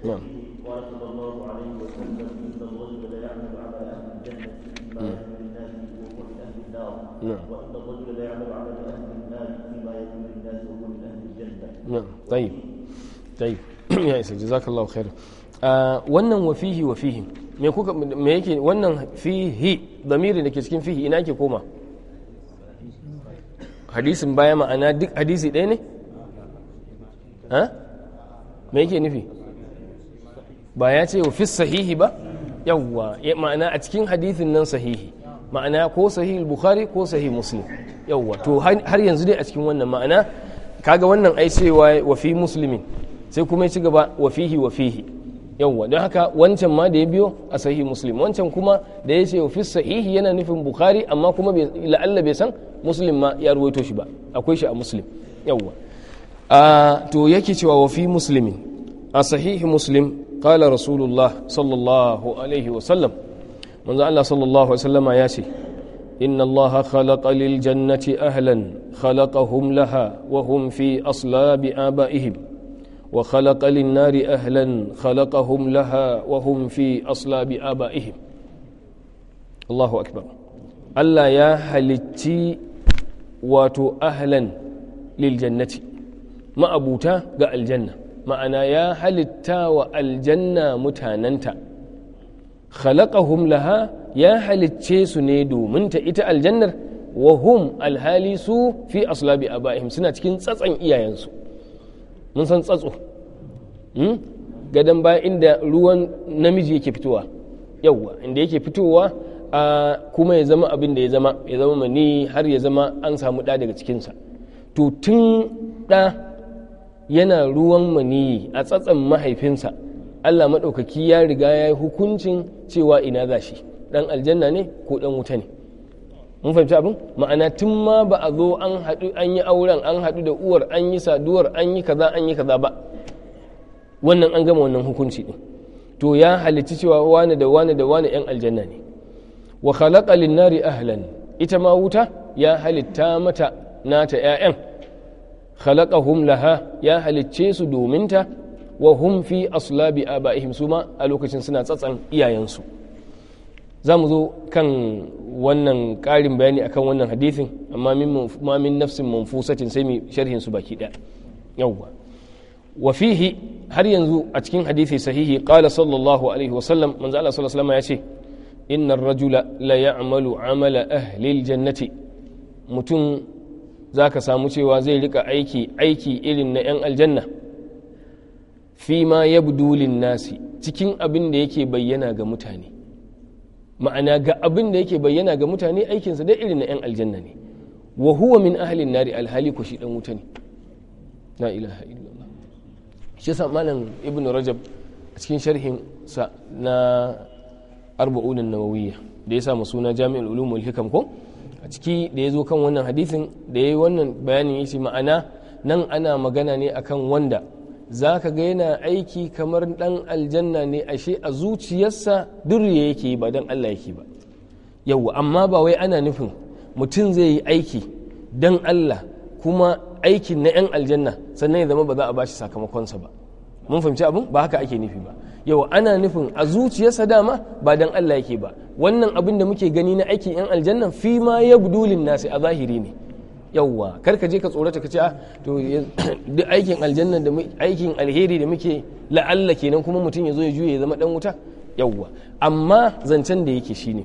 نعم قال صلى الله عليه وسلم إن الرجل لا يعمل على أهل الجنة فيما نعم. يعمل الناس وهو من أهل النار نعم وإن الرجل لا يعمل على أهل النار فيما يعمل الناس وهو من أهل الجنة نعم طيب طيب ya isa jazakallahu khair wannan wa fihi wa fihi me kuka me yake wannan fihi damirin da ke cikin fihi ina ke koma hadisin baya ma'ana duk hadisi ɗaya ne ha me yake nufi ba ya ce wa sahihi ba yawwa ma'ana a cikin hadisin nan sahihi ma'ana ko sahihi bukhari ko sahihi muslim yawwa to har yanzu dai a cikin wannan ma'ana kaga wannan ai cewa wa muslimin sai kuma ya ci gaba wafihi wafihi. yawwa don haka wancan ma da ya biyo a sahihi muslim wancan kuma da ya ce wa sahihi yana nufin bukhari amma kuma la'alla bai san muslim ma ya ruwaito shi ba akwai shi a muslim yawwa to yake cewa wa fi muslimin a sahihi muslim qala rasulullah sallallahu alaihi wa sallam manzo Allah sallallahu alaihi wa sallama ya ce إن الله خلق للجنة أهلا خلقهم لها وهم في أصلاب آبائهم وخلق للنار أهلا خلقهم لها وهم في أصلاب آبائهم الله أكبر ألا يا هلتي واتو أهلا للجنة ما أبوتا قال الجنة ma'ana ya halitta wa aljanna mutananta khalaqahum laha ya halicce su ne domin ta ita aljannar wa hum alhali su fi aslabi abaihim suna cikin tsatsan iyayensu mun san tsatso hmm? gadon baya inda ruwan namiji yake fitowa yawwa inda yake fitowa a kuma ya zama abin da ya zama ya zama mani har ya zama an samu ɗa daga cikinsa to tun ɗa yana ruwan mani a tsatsan mahaifinsa allah maɗaukaki ya riga ya yi hukuncin cewa ina za shi ɗan aljanna ne ko ɗan wuta ne mun fahimci abin ma'ana tun ma ba a zo an haɗu an yi auren an haɗu da uwar an yi saduwar an yi kaza an yi kaza ba wannan an gama wannan hukunci ɗin to ya halicci cewa wani da wani da wani yan aljanna ne wa khalaqa nari ahlan ita ma wuta ya halitta mata nata ƴaƴan hum laha ya halicce su domin ta wa hum fi aslabi abaihim su ma a lokacin suna tsatsan iyayensu za mu zo kan wannan ƙarin bayani akan wannan hadithin amma min nafsin manfusatin sai mu sharhin su baki ɗaya yawwa wa fihi har yanzu a cikin hadithi sahihi qala sallallahu alaihi sallam, manzo Allah sallallahu alaihi wasallam ya ce innar rajula la ya'malu amala ahli jannati mutum zaka samu cewa zai rika aiki aiki irin na yan aljanna fi ma yabdu lin nasi cikin abin da yake bayyana ga mutane ma'ana ga abin da yake bayyana ga mutane aikinsa dai irin na 'yan aljanna ne wa huwa min ahlin nari alhali ko shi dan wuta ne la ilaha illallah shi yasa malam ibnu rajab a cikin sharhin sa na arba'un nawawiyya da ya mu suna jami'ul ulum wal hikam ko a ciki da yazo kan wannan hadisin da yayi wannan bayanin yace ma'ana nan ana magana ne akan wanda za ka ga yana aiki kamar ɗan aljanna ne ashe a zuciyarsa durye yake yi ba don Allah yake ba Yau, amma ba wai ana nufin mutum zai yi aiki don Allah kuma aikin na 'yan aljanna sannan ya zama ba za a bashi sakamakonsa ba mun fahimci abin ba haka ake nufi ba yau ana nufin a zuciyarsa dama ba dan Allah yake ba wannan abin da muke gani na aikin 'yan aljanna fi ma ya budulin nasi a zahiri ne yawwa kar ka je ka tsorata ka ce a ah, to (coughs) duk aikin aljanna da aikin alheri da muke la'alla kenan kuma mutum ya zo ya juye ya zama dan wuta yawwa amma zancen da yake shine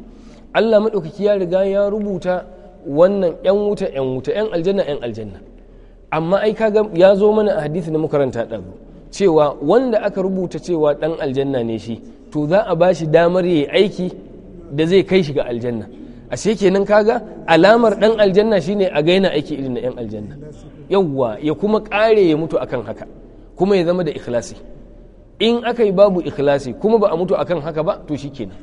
Allah madaukaki ya riga ya rubuta wannan yan wuta yan wuta yan aljanna yan aljanna amma ai kaga ya zo mana a hadisi na makaranta dan cewa wanda aka rubuta cewa dan aljanna ne shi to za a bashi damar yayi aiki da zai kai shi ga aljanna ashe kenan kaga alamar dan aljanna shine a gaina aiki irin na yan aljanna yawwa ya kuma kare ya mutu akan haka kuma ya zama da ikhlasi in aka yi babu ikhlasi kuma ba a mutu akan haka ba to shikenan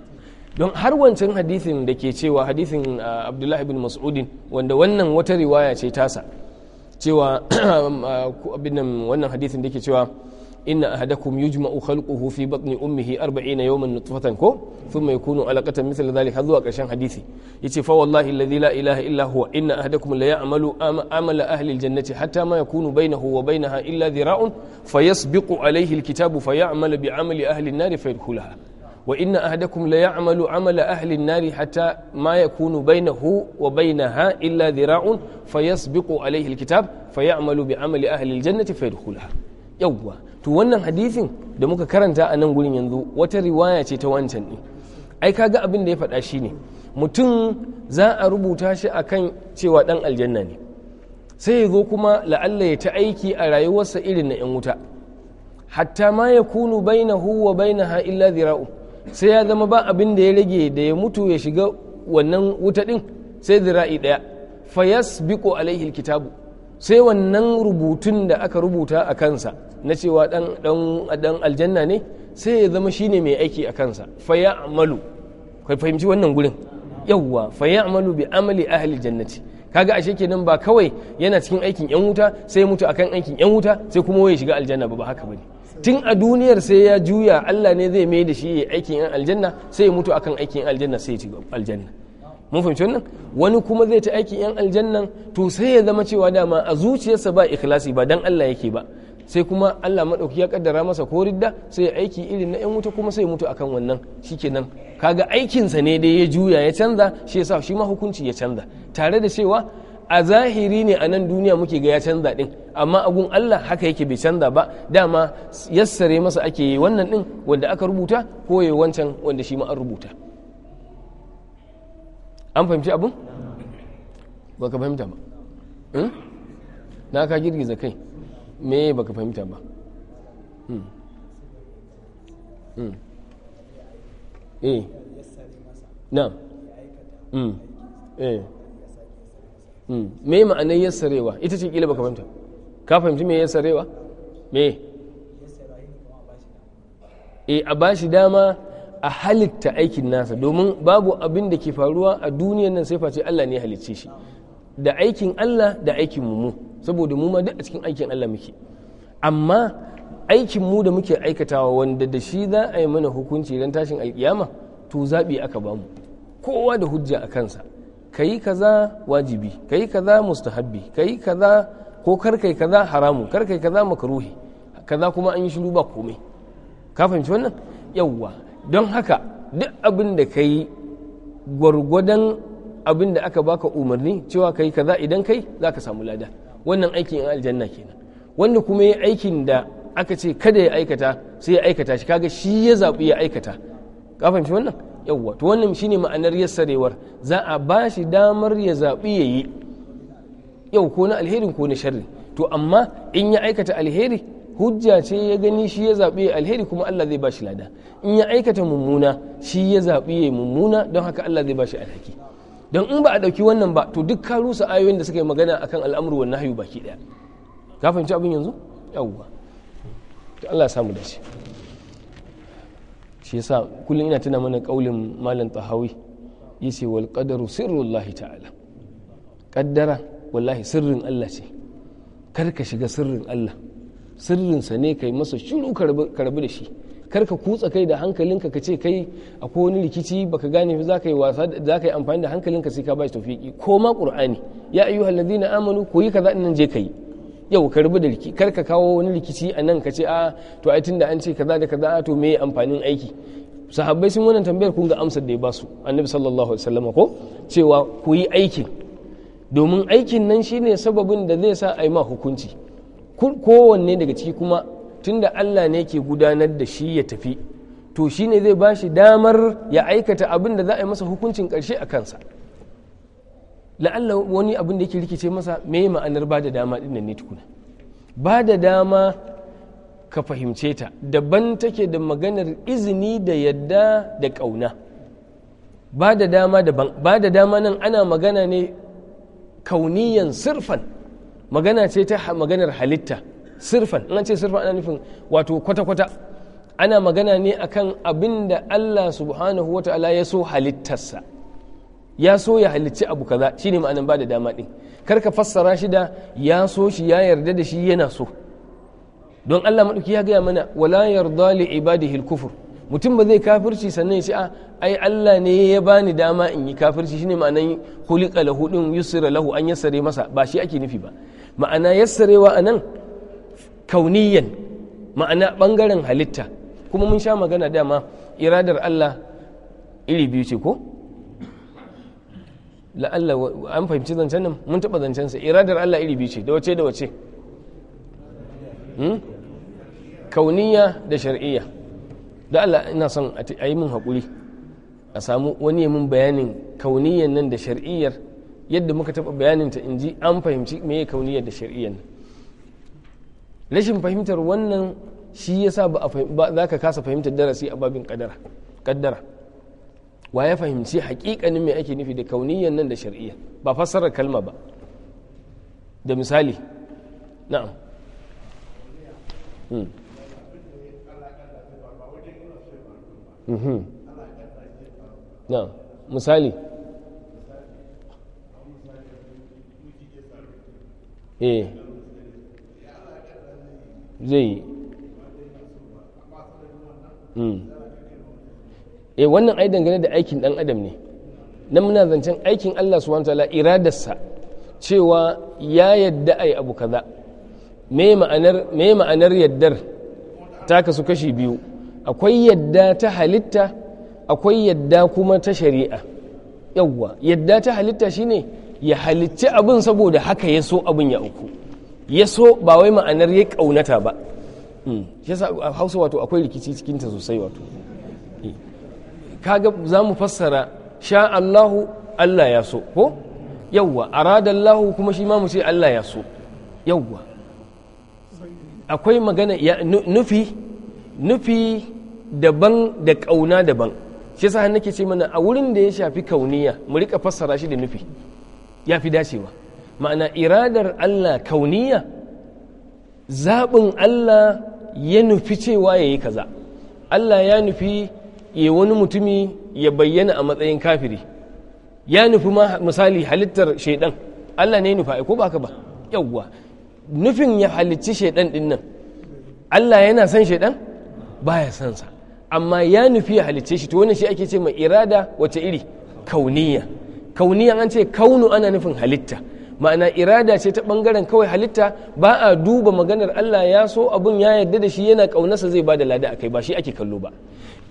don har wancan hadisin da ke cewa hadisin ah, abdullahi bin mas'udin wanda wannan wata riwaya ce tasa cewa (coughs) ah, wannan hadisin da ke cewa inna ahadakum yujma'u khalquhu fi batni ummihi 40 yawman nutfatan ko thumma yakunu alaqatan mithla dhalika zuwa karshen hadisi yace fa wallahi alladhi la ilaha illa huwa inna ahadakum la ya'malu amala ahli aljannati hatta ma yakunu bainahu wa bainaha illa dhira'un fayasbiqu alayhi alkitabu fay'malu bi'amali ahli an-nar fayadkhulaha wa inna ahadakum la ya'malu amala ahli an-nar hatta ma yakunu bainahu wa bainaha illa dhira'un fayasbiqu alayhi alkitab fay'malu bi'amali ahli aljannati fayadkhulaha yawwa to wannan hadisin da muka karanta a nan gurin yanzu wata riwaya ce ta wancan ɗin ai kaga abin da ya faɗa shi ne mutum za a rubuta shi a kan cewa ɗan aljanna ne sai ya zo kuma la'alla ya ta aiki a rayuwarsa irin na 'yan wuta hatta ma ya kunu huwa baina ha illa zira'u sai ya zama ba abin da ya rage da ya mutu ya shiga wannan wuta ɗin sai zira'i ɗaya fayas biko alaihi kitabu sai wannan rubutun da aka rubuta a kansa na cewa dan aljanna ne sai ya zama shine mai aiki a kansa faya amalu kai fahimci wannan gurin yawwa faya amalu bi amali ahli jannati kaga ashe kenan ba kawai yana cikin aikin yan wuta sai mutu akan aikin yan wuta sai kuma ya shiga aljanna ba ba haka bane tun a duniyar sai ya juya Allah ne zai mai da shi aikin yan aljanna sai ya mutu akan aikin aljanna sai ya shiga aljanna mun fahimci wannan wani kuma zai ta aiki yan aljannan to sai ya zama cewa dama a zuciyarsa ba ikhlasi ba dan Allah yake ba sai kuma Allah madauki ya kaddara masa ko ridda sai ya aiki irin na yan wuta kuma sai ya mutu akan wannan shikenan kaga aikinsa ne dai ya juya ya canza shi yasa shi ma hukunci ya canza tare da cewa a zahiri ne a nan duniya muke ga ya canza din amma a gun Allah haka yake bai canza ba dama yassare masa ake yi wannan din wanda aka rubuta ko ya wancan wanda shi ma an rubuta an fahimci abin ba ka fahimta ba eh? na ka girgiza kai me ba ka fahimta ba hmm. Hmm. eh na hmm. eh me ma'anar yassarewa ita ce kila ba ka fahimta ka fahimci me yassarewa me eh a bashi dama a halitta aikin nasa domin babu abin da ke faruwa a duniyan nan sai face Allah ne halicce shi da aikin Allah da aikin mu saboda mu ma duk a cikin aikin Allah muke amma aikin mu da muke aikatawa wanda da shi za a yi mana hukunci don tashin alkiyama to zaɓi aka bamu kowa da hujja a kansa kayi kaza wajibi kayi kaza mustahabbi kayi kaza ko karkai kaza haramu karkai kaza makaruhi kaza kuma an yi shiru ba komai ka fahimci wannan yawwa don haka duk abin da ka yi gwargwadon abin da aka baka umarni cewa ka yi kaza idan kai za ka samu lada wannan aikin yan aljanna kenan wanda kuma ya aikin da aka ce kada ya aikata sai ya aikata shi kaga shi ya zaɓi ya aikata ka fahimci wannan yawwa to wannan shine ma'anar yassarewar za a ba shi damar ya zaɓi ya yi yau ko na alherin ko na sharri to amma in ya aikata alheri hujja ce ya gani shi ya zaɓi alheri kuma Allah zai bashi lada in ya aikata mummuna shi ya zaɓi ya mummuna don haka Allah zai bashi alhaki don in ba a ɗauki wannan ba to duk ka rusa ayoyin da suka yi magana akan al'amuru wannan hayu baki ɗaya ka fahimci abin yanzu yawwa to Allah samu da shi shi yasa kullum ina tuna mana kaulin malam tahawi yace wal qadaru sirrullahi ta'ala kaddara wallahi sirrin Allah ce kar ka shiga sirrin Allah sirrinsa ne kai masa shiru ka rabu da shi karka kutsa kai da hankalinka ka ce kai akwai wani rikici baka gane za ka yi wasa za ka yi amfani da hankalinka sai ka ba shi tafiƙi ko ma ƙur'ani ya ayyuhal na amanu ko yi kaza nan je ka yi yau ka rabu da rikici kar ka kawo wani rikici a nan ka ce a to ai tunda an ce kaza da kaza to me amfanin aiki sahabbai sun wannan tambayar kun ga amsar da ya su annabi sallallahu alaihi wasallam ko cewa ku yi aikin domin aikin nan shine sababin da zai sa a yi ma hukunci kowanne daga ciki kuma tunda Allah ne ke gudanar da shi ya tafi to shi ne zai ba shi damar ya aikata abin da za a yi masa hukuncin ƙarshe a kansa la'alla wani abin da yake rikice masa me ma'anar ba da dama ɗin ne tukuna ba da dama ka fahimce ta daban take da maganar izini da yadda da ƙauna ba da dama ba da dama nan ana magana ne kauniyan sirfan magana ce ta maganar halitta sirfan an ce sirfan ana nufin wato kwata-kwata ana magana ne akan abin da Allah subhanahu wa ta'ala ya so halittarsa ya so ya halicci abu kaza shine ma'anan ba da dama din kar ka fassara shi da ya so shi ya yarda da shi yana so don Allah maɗauki ya gaya mana wala yarda li ibadihi kufur mutum ba zai kafirci sannan ya ce a ah, ai Allah ne ya bani dama in yi kafirci shine ma'anan khuliqa lahu din yusra lahu an yasare masa ba shi ake nufi ba ma'ana yassarewa a nan kauniyan ma'ana ɓangaren halitta kuma mun sha magana dama iradar Allah iri biyu ce ko la'alla an fahimci zancen nan mun taɓa zancen sa iradar Allah iri biyu ce da wace da wace hmm? kauniya da shar'iyya da Allah ina son a yi min haƙuri a samu wani ya min bayanin kauniyan nan da shar'iyyar yadda muka taɓa bayaninta in ji an fahimci me kauniyar da shari'iyyar rashin fahimtar wannan shi ya sa ba za ka kasa fahimtar darasi a babin kaddara wa ya fahimci hakikanin me ake nufi da kauniyar nan da shari'iyya ba fassarar kalma ba da misali na'am hmm. mhm. na'am misali eh zai hmm. eh wannan ai dangane da aikin dan adam ne nan muna zancen aikin Allah su wanta iradarsa cewa ya yadda ai abu kaza me ma'anar yaddar ta kasu kashi biyu akwai yadda ta halitta akwai yadda kuma ta shari'a yawwa yadda ta halitta shine ya halicci abin saboda haka ya so abin ya uku ya so ba wai ma'anar ya kaunata ba hmm. yasa a hausa wato akwai rikici cikinta sosai wato hmm. kaga za mu fassara sha Allahu Allah ya so ko yawwa arada Allahu kuma shi ma mu ce Allah ya so yawwa akwai magana nufi nufi daban da kauna daban shi yasa nake ce mana a wurin da ya shafi kauniya mu rika fassara shi da nufi ya fi dacewa ma'ana iradar Allah kauniya zaɓin Allah ya nufi cewa ya yi kaza Allah ya nufi ya wani mutumi ya bayyana a matsayin kafiri ya nufi misali halittar shaidan Allah ne nufa ko baka ba yawwa nufin ya halicci shaidan din nan Allah yana son shaidan baya son sa amma ya nufi ya halicce shi to wannan shi ake ce mai irada wace iri kauniya kauniya an ce kaunu ana nufin halitta ma'ana irada ce ta bangaren kawai halitta ba a duba maganar Allah ya so abun ya yarda da shi yana kaunarsa zai bada lada akai ba shi ake kallo ba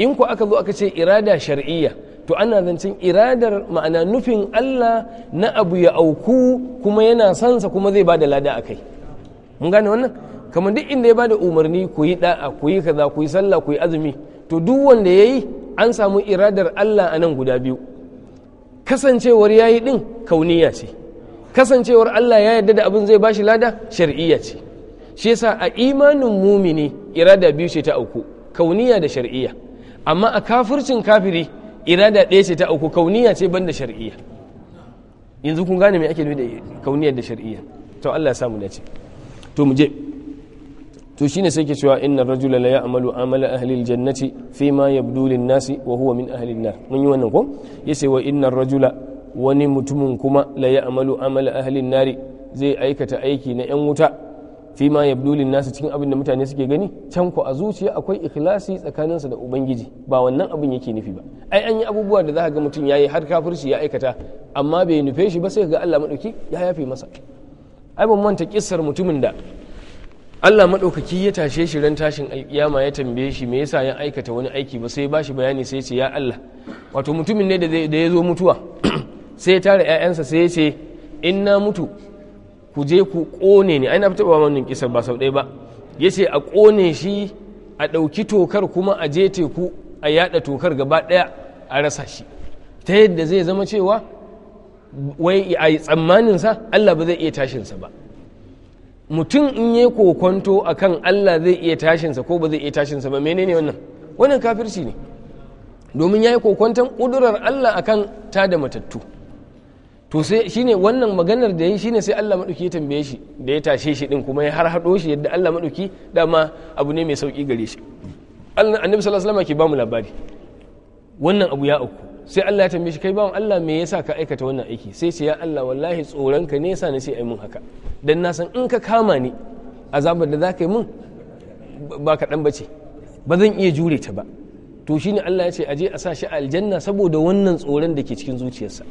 in ku aka zo aka ce irada shar'iyya to ana zancen iradar ma'ana nufin Allah na abu ya auku kuma yana sansa kuma zai bada lada akai mun gane wannan kamar duk inda ya bada umarni ku yi da'a ku yi kaza ku yi sallah ku yi azumi to duk wanda yayi an samu iradar Allah a nan guda biyu kasancewar yi ɗin kauniya ce kasancewar Allah ya yarda da abin zai bashi lada shar'iyya ce shi yasa a imanin mumini irada biyu ce ta auku kauniya da shari'iyya, amma a kafircin kafiri irada ɗaya ce ta auku kauniya ce banda shari'iyya. yanzu kun gane me ake nufi da kauniya da shari'iyya. to Allah ya samu dace to mu je to shine sai ke cewa inna rajula la ya'malu amala ahli aljannati fi ma yabdu lin nasi wa huwa min ahli an-nar mun yi wannan ko yace wa inna rajula wani mutumin kuma la ya'malu amala ahli an-nari zai aikata aiki na yan wuta fi ma yabdu lin nasi cikin abin da mutane suke gani can ko a zuciya akwai ikhlasi tsakaninsa da ubangiji ba wannan abin yake nufi ba ai an yi abubuwa da zaka ga mutum yayi har kafirci ya aikata amma bai nufe shi ba sai ga Allah madauki ya yafe masa ai ban manta kissar mutumin da Allah maɗaukaki ya tashe shi ran tashin alƙiyama ya tambaye shi me yasa ya aikata wani aiki ba sai ba shi bayani sai ce ya Allah wato mutumin ne da ya zo mutuwa (clears throat) sai ya tara ‘ya'yansa sai ya ce in na mutu ku je ku ƙone ni aina fitowa taɓa wannan kisar ba sau ɗaya ba ya ce a ƙone shi a ɗauki tokar kuma a je teku a yaɗa tokar gaba ɗaya a rasa shi ta yadda zai zama cewa wai a tsammaninsa Allah ba zai iya tashinsa ba mutum in yi kokonto a kan Allah zai iya tashinsa ko ba zai iya tashinsa ba menene wannan wannan kafirci ne domin ya yi kokonton ƙudurar Allah a kan ta da matattu to sai shine wannan maganar da ya yi shine sai Allah maɗuki ya tambaye shi da ya tashe shi din kuma ya har haɗo shi yadda Allah maɗuki dama abu ne mai sauƙi gare shi annabi sallallahu alaihi ke ba mu labari wannan abu ya auku sai Allah ya tambaye shi kai bawan Allah me yasa ka aikata wannan aiki sai ce ya Allah wallahi ka ne yasa nace ai mun haka dan na san in ka kama ni azabar da zaka yi mun ba kaɗan ba ce ba zan iya jure ta ba to shine Allah ya ce aje a sa shi aljanna saboda wannan tsoron da ke cikin zuciyarsa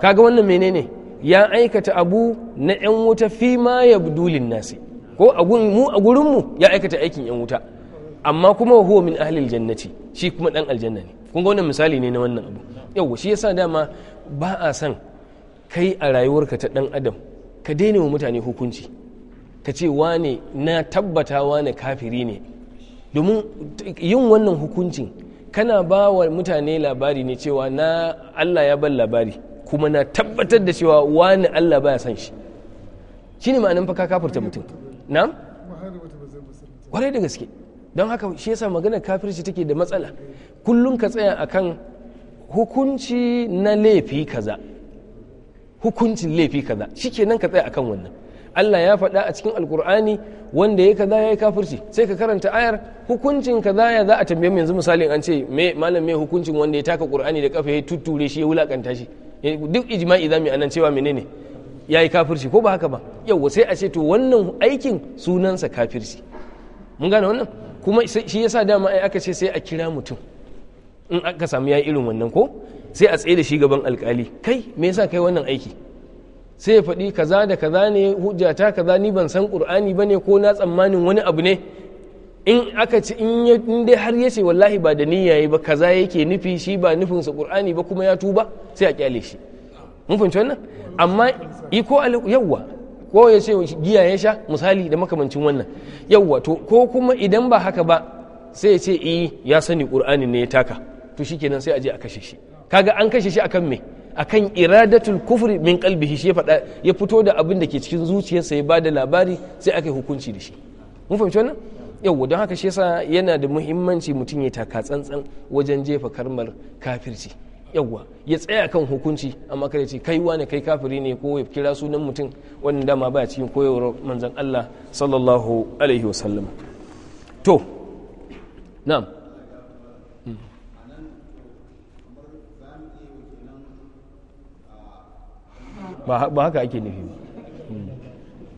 kaga wannan menene ya aikata abu na yan wuta fi ma budulin nasi ko mu a gurinmu ya aikata aikin yan wuta amma kuma huwa min ahlil jannati shi kuma dan aljanna ne kun ga wannan misali ne na wannan abu yau shi yasa dama ba a san kai a rayuwarka ta dan adam ka daina wa mutane hukunci ka ce wane na tabbata wane kafiri ne domin yin wannan hukuncin kana ba wa mutane labari ne cewa na Allah ya ban labari kuma na tabbatar da cewa wani Allah baya san shi shine ma'anin fa ka mutum na kwarai da gaske don haka shi yasa magana kafirci take da matsala kullum ka tsaya akan hukunci na laifi kaza hukuncin laifi kaza shikenan ka tsaya akan wannan Allah ya faɗa a cikin alkur'ani wanda ya kaza ya yi kafirci sai ka karanta ayar hukuncin kaza ya za a tambaye yanzu misalin an ce me malam me hukuncin wanda ya taka qur'ani da kafa ya tutture shi ya wulakanta shi duk ijma'i zamu anan cewa menene ya yi kafirci ko ba haka ba yau sai a ce to wannan aikin sunansa kafirci mun gane wannan kuma shi yasa dama ai aka ce sai a kira mutum in aka samu ya irin wannan ko sai a tsaye da shi gaban alkali kai me yasa kai wannan aiki sai ya faɗi kaza da kaza ne hujjata kaza ni ban san qur'ani bane ko na tsammanin wani abu ne in aka ci in dai har ya ce wallahi ba da niyya ba kaza yake nufi shi ba nufinsa qur'ani ba kuma ya tuba sai a kyale shi mun fahimci wannan amma iko yawwa ko ya ce giya ya sha misali da makamancin wannan yau to ko kuma idan ba haka ba sai ya ce eh ya sani qur'ani ne ya taka to shi kenan sai a je a kashe shi kaga an kashe shi akan me akan iradatul kufri min qalbihi shi ya faɗa ya fito da abin da ke cikin zuciyarsa ya bada labari sai aka yi hukunci da shi mun fahimci wannan yau don haka shi yasa yana da muhimmanci mutum ya taka tsantsan wajen jefa karmar kafirci yawwa ya tsaya kan hukunci amma kada ce kai wane kai kafiri ne ko ya kira sunan mutum wannan dama baya cikin koyarwar manzon Allah sallallahu alaihi wasallam to na'am hmm. ba haka ake nufi ba hmm.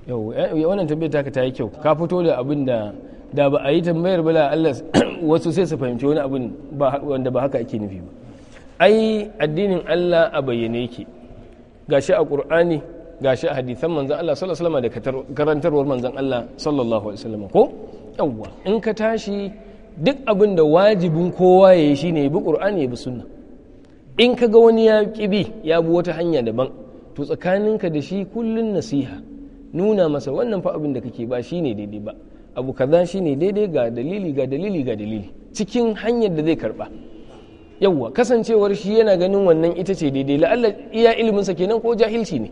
yau eh, eh, wannan tambayar taka ta yi kyau ka fito da abin da da ba a yi tambayar bala Allah (coughs) wasu sai su fahimci wani abin wanda ba haka ake nufi ba ai addinin Allah a bayyane yake gashi a ga gashi a hadithan manzan Allah sallallahu alaihi da karantarwar manzan Allah sallallahu alaihi wasallam ko yawwa in ka tashi duk abin da wajibin kowa ya yi shine bi ya bi sunna in ka ga wani ya kibi ya bi wata hanya daban to tsakaninka da shi kullun nasiha nuna masa wannan fa abin da kake ba shine daidai ba abu kaza shine daidai ga dalili ga dalili ga dalili cikin hanyar da zai karba yawwa kasancewar shi yana ganin wannan ita ce daidai la'alla iya iliminsa kenan ko jahilci ne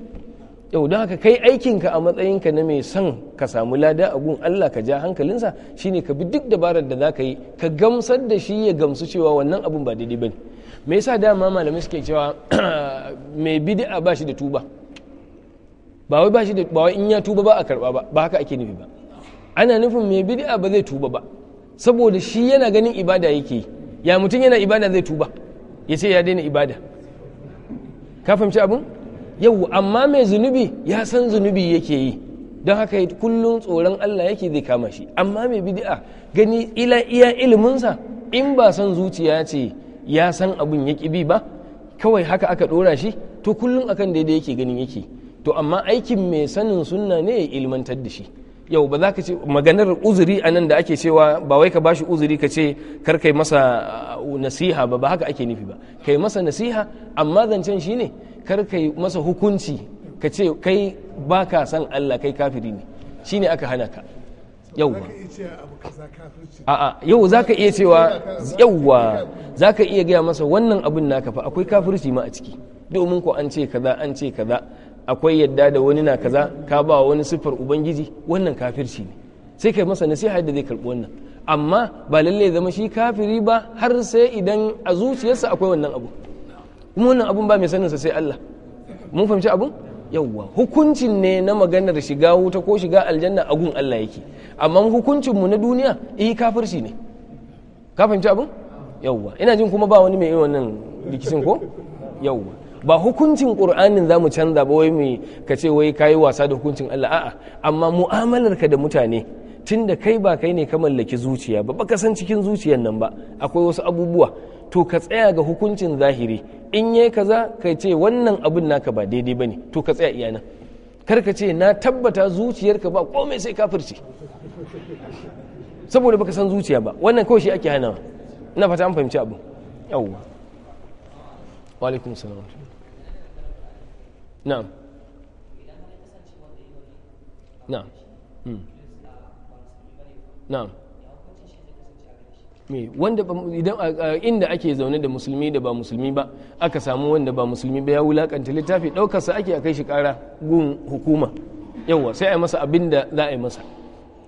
yau don haka kai aikinka a matsayinka na mai son ka samu lada a gun Allah ka ja hankalinsa shine ka bi duk dabarar da za ka yi ka gamsar da shi ya gamsu cewa wannan abun ba daidai bane me yasa dama malamai suke cewa (clears throat) mai bid'a ba shi da tuba ba wai ba shi da ba in ya tuba ba a karba ba ba haka ake nufi ba ana nufin mai bid'a ba zai tuba ba saboda shi yana ganin ibada yake yi ya mutum yana ibada zai tuba ya ce ya daina ibada ka fahimci abin yau amma mai zunubi ya san zunubi yake yi don haka kullum tsoron Allah yake zai kama shi amma mai bid'a gani ila iya iliminsa in ba san zuciya ce ya san abin ya bi ba kawai haka aka ɗora shi to kullum akan daidai yake ganin yake to amma aikin mai sanin sunna ne ya ilmantar da shi yau ba za ka ce maganar uzuri a nan da ake cewa ba wai ka bashi uzuri ka ce kar kai masa uh, nasiha ba ba haka ake nufi ba kai masa nasiha amma zancen shi ne kar kai masa hukunci ka ce kai ba ka san Allah kai kafiri ne shi ne aka hana ka yauwa a'a yau za ka iya cewa yauwa za ka iya gaya masa wannan abin naka fa akwai kafirci ma a ciki domin ko an ce kaza an ce kaza akwai yadda da wani na kaza ka ba wani siffar ubangiji wannan kafirci ne sai kai masa nasiha da zai karɓi wannan amma ba lalle zama shi kafiri ba har sai idan a zuciyarsa akwai wannan abu kuma wannan abun ba mai saninsa sai Allah mun fahimci abun yawwa hukuncin ne na maganar shiga wuta ko shiga aljanna a gun Allah yake amma hukuncin mu na duniya eh kafirci ne ka fahimci abun yawwa ina jin kuma ba wani mai irin wannan rikicin ko yawwa ba hukuncin ƙur'anin za mu canza ba wai mu ka ce wai kayi wasa da hukuncin Allah a'a amma mu'amalar ka da mutane tun da kai ba kai ne ka mallaki zuciya ba baka san cikin zuciyar nan ba akwai wasu abubuwa to ka tsaya ga hukuncin zahiri in yayi kaza ka ce wannan abin naka ba daidai bane to ka tsaya iyana kar ka ce na tabbata zuciyarka ba komai sai kafirci saboda baka san zuciya ba wannan kawai shi ake hanawa ina fata an fahimci abu yawwa wa alaikum salam na'am نعم hmm. wanda idan inda ake zaune da musulmi da ba musulmi ba aka samu wanda ba musulmi ba ya wulakanta littafi ɗaukarsa ake kai shi ƙara gun hukuma yawwa sai a yi masa abin da za a yi masa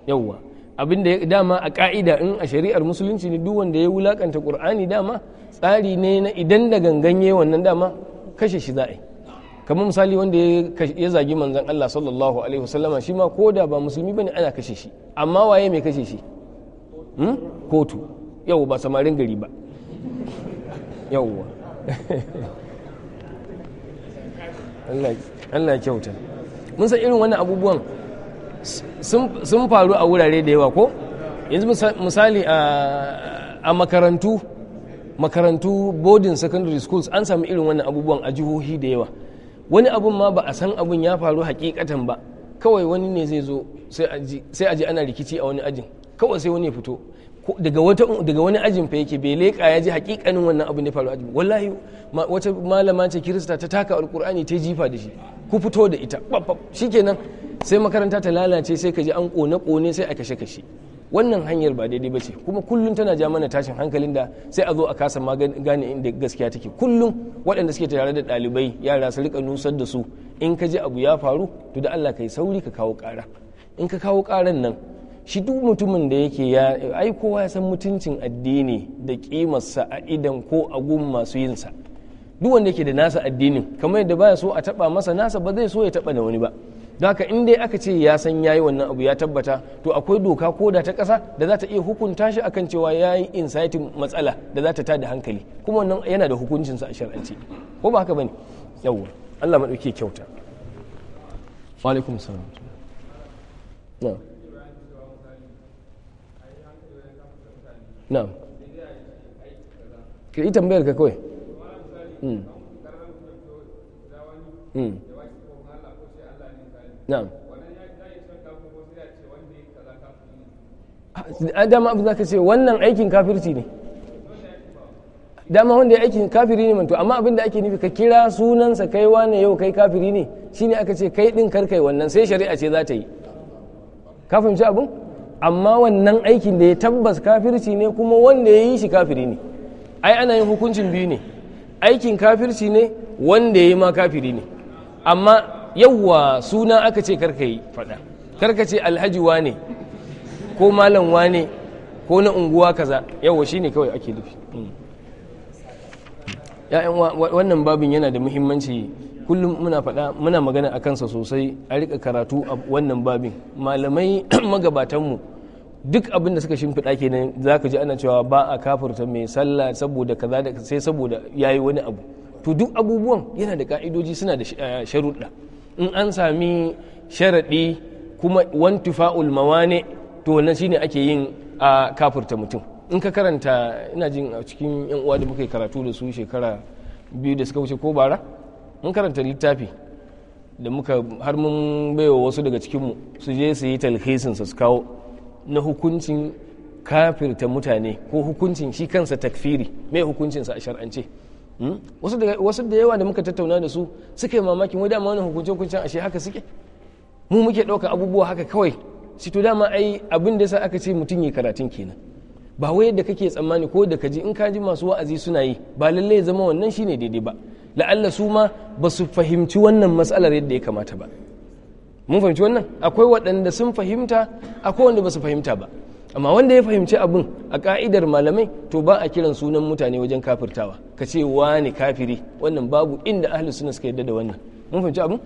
yawwa abin da dama a ka'ida in a shari'ar musulunci ne duk wanda ya wulakanta qur'ani dama tsari ne na idan da ganganye wannan dama kashe shi za a yi kamar misali wanda ya zagi manzan Allah sallallahu alaihi wasallama shi ma ko da ba musulmi bane ana kashe shi amma waye mai kashe shi hmm? kotu yau ba samarin gari ba yauwa (laughs) Allah kyauta mun san irin wannan abubuwan sun faru a wurare da yawa ko yanzu misali a makarantu makarantu boarding secondary schools an sami irin wannan abubuwan a jihohi da yawa wani abun ma ba a san abun ya faru hakikatan ba kawai wani ne zai zo sai a ji ana rikici a wani ajin kawai sai wani ya fito daga wani ajin fa yake bai leƙa ya ji hakikanin wannan abin ya faru ajin wallahi wata malama ce kirista ta taka alkur'ani ta jifa da shi ku fito da ita shi shikenan sai makaranta ta lalace sai ka ji an kone kone sai a kashe kashe wannan hanyar ba daidai ba ce kuma kullum tana ja mana tashin hankalin da sai a zo a kasa gane inda gaskiya take kullum waɗanda suke tare da ɗalibai yara su rika nusar da su in ka ji abu ya faru to da Allah kai sauri ka kawo ƙara in ka kawo ƙaran nan shi duk mutumin da yake ya ai kowa ya san mutuncin addini da kimarsa a idan ko a gun masu yin sa duk wanda yake da nasa addinin kamar yadda baya so a taba masa nasa ba zai so ya taba da wani ba don haka in dai aka ce ya san yayi wannan abu ya tabbata to akwai doka ko da ta kasa da za ta iya hukunta shi akan cewa ya yi matsala da za ta tada hankali kuma wannan yana da hukuncinsa a sharanci ko ba haka bane yawwa Allah maɗauki kyauta wa alaikum salam na'am na'am ka yi tambayar ka kawai hmm. Hmm. na'am dama abu ce wannan aikin kafirci ne dama wanda ya aikin kafiri ne manto amma abin da ake nufi ka kira sunansa kai wane yau kai kafiri ne shi shine aka ce kai din kar kai wannan sai shari'a ce za ta yi ka fahimci abin amma wannan aikin da ya tabbas kafirci ne kuma wanda ya yi shi kafiri ne ai ana yin hukuncin biyu ne aikin kafirci ne wanda ya yi ma kafiri ne amma yawwa suna aka ce karka yi faɗa karka ce alhaji wane ko malam wane ko na unguwa kaza yawwa shine kawai ake dufi hmm. ya'yan wannan babin yana da muhimmanci kullum muna faɗa muna magana a kansa sosai a rika karatu a wannan babin malamai (clears throat) magabatanmu duk abin da suka shimfiɗa kenan za ka ji ana cewa ba a kafurta mai sallah saboda kaza da sai saboda yayi wani abu to duk abubuwan yana da ka'idoji suna da eh, sharuɗa in an sami sharaɗi kuma tufa'ul mawane to wannan shine ake yin a kafurta mutum in ka karanta ina jin a cikin yan uwa da muka karatu da su shekara biyu da suka wuce ko bara mun karanta littafi da muka har mun baiwa wasu daga cikinmu su je su yi talhisin su kawo na hukuncin kafirta mutane ko hukuncin shi kansa takfiri mai hukuncinsa a shar'ance Hmm? wasu da yawa da muka tattauna da su suka yi mamakin wai dama wannan hukuncin hukuncen ashe haka suke mu muke ɗauka abubuwa haka kawai shi to dama ai abin da sa aka ce mutum yi karatun kenan ba wai yadda kake tsammani ko da kaji in ka ji masu wa'azi suna yi ba lallai zama wannan shine daidai ba la'alla su ma ba su fahimci wannan matsalar yadda ya kamata ba mun fahimci wannan akwai waɗanda sun fahimta akwai wanda ba su fahimta ba amma wanda ya fahimci abin a ka'idar malamai to ba a kiran sunan mutane wajen kafirtawa ka ce wani kafiri wannan babu inda ahli suna suka yadda da wannan mun fahimci abin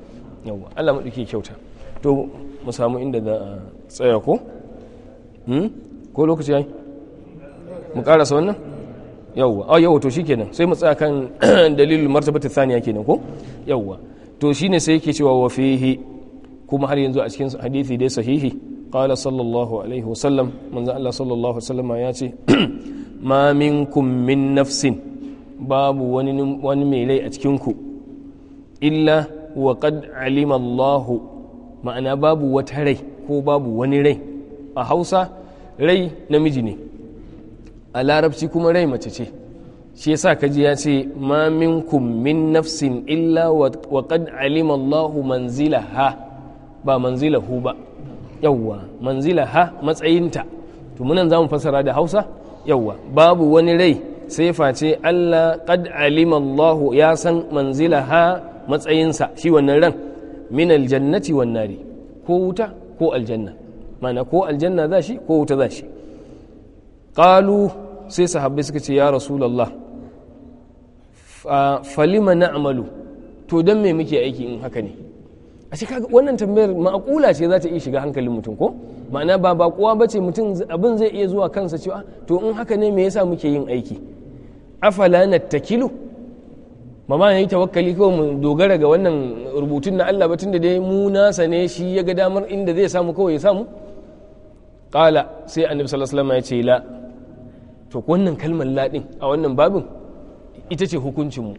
yawwa Allah mu dake kyauta to mu samu inda za a tsaya ko hmm? ko lokaci yayi mu karasa wannan yawwa a ah, yawa to shikenan sai mu tsaya kan (clears throat) dalilul martabatu thaniya kenan ko yawwa to shine sai yake cewa wa fihi kuma har yanzu a cikin hadisi dai sahihi qala sallallahu alaihi wasallam manzo ya ce (clears throat) ma minkum min nafsin babu wani wani mai rai a cikin ku illa wa qad ma'ana babu wata rai ko babu wani rai a Hausa rai namiji ne a larabci kuma rai mace ce shi yasa kaji ya ce ma minkum min nafsin illa wa qad alima Allahu manzilaha ba manzilahu ba yawwa manzila ha matsayinta to munan zamu fassara da Hausa yawwa babu wani rai sai face Allah qad alima ya san manzila ha matsayinsa shi wannan ran min aljannati wan nari ko wuta ko aljanna mana ko aljanna za shi ko wuta za shi qalu sai sahabbai suka ce ya rasulullah falima na'malu to don me muke aiki in haka ne a kaga wannan tambayar ma'akula ce za ta iya shiga hankalin mutum ko ma'ana ba bakuwa ba ce mutum abin zai iya zuwa kansa cewa to in haka ne me yasa muke yin aiki afala na takilu ma yi tawakkali kawai mu dogara ga wannan rubutun na Allah ba tun da dai mu nasa ne shi ya ga damar inda zai samu kawai ya samu qala sai annabi sallallahu alaihi ya ce la to wannan kalmar laɗin a wannan babin ita ce hukuncin mu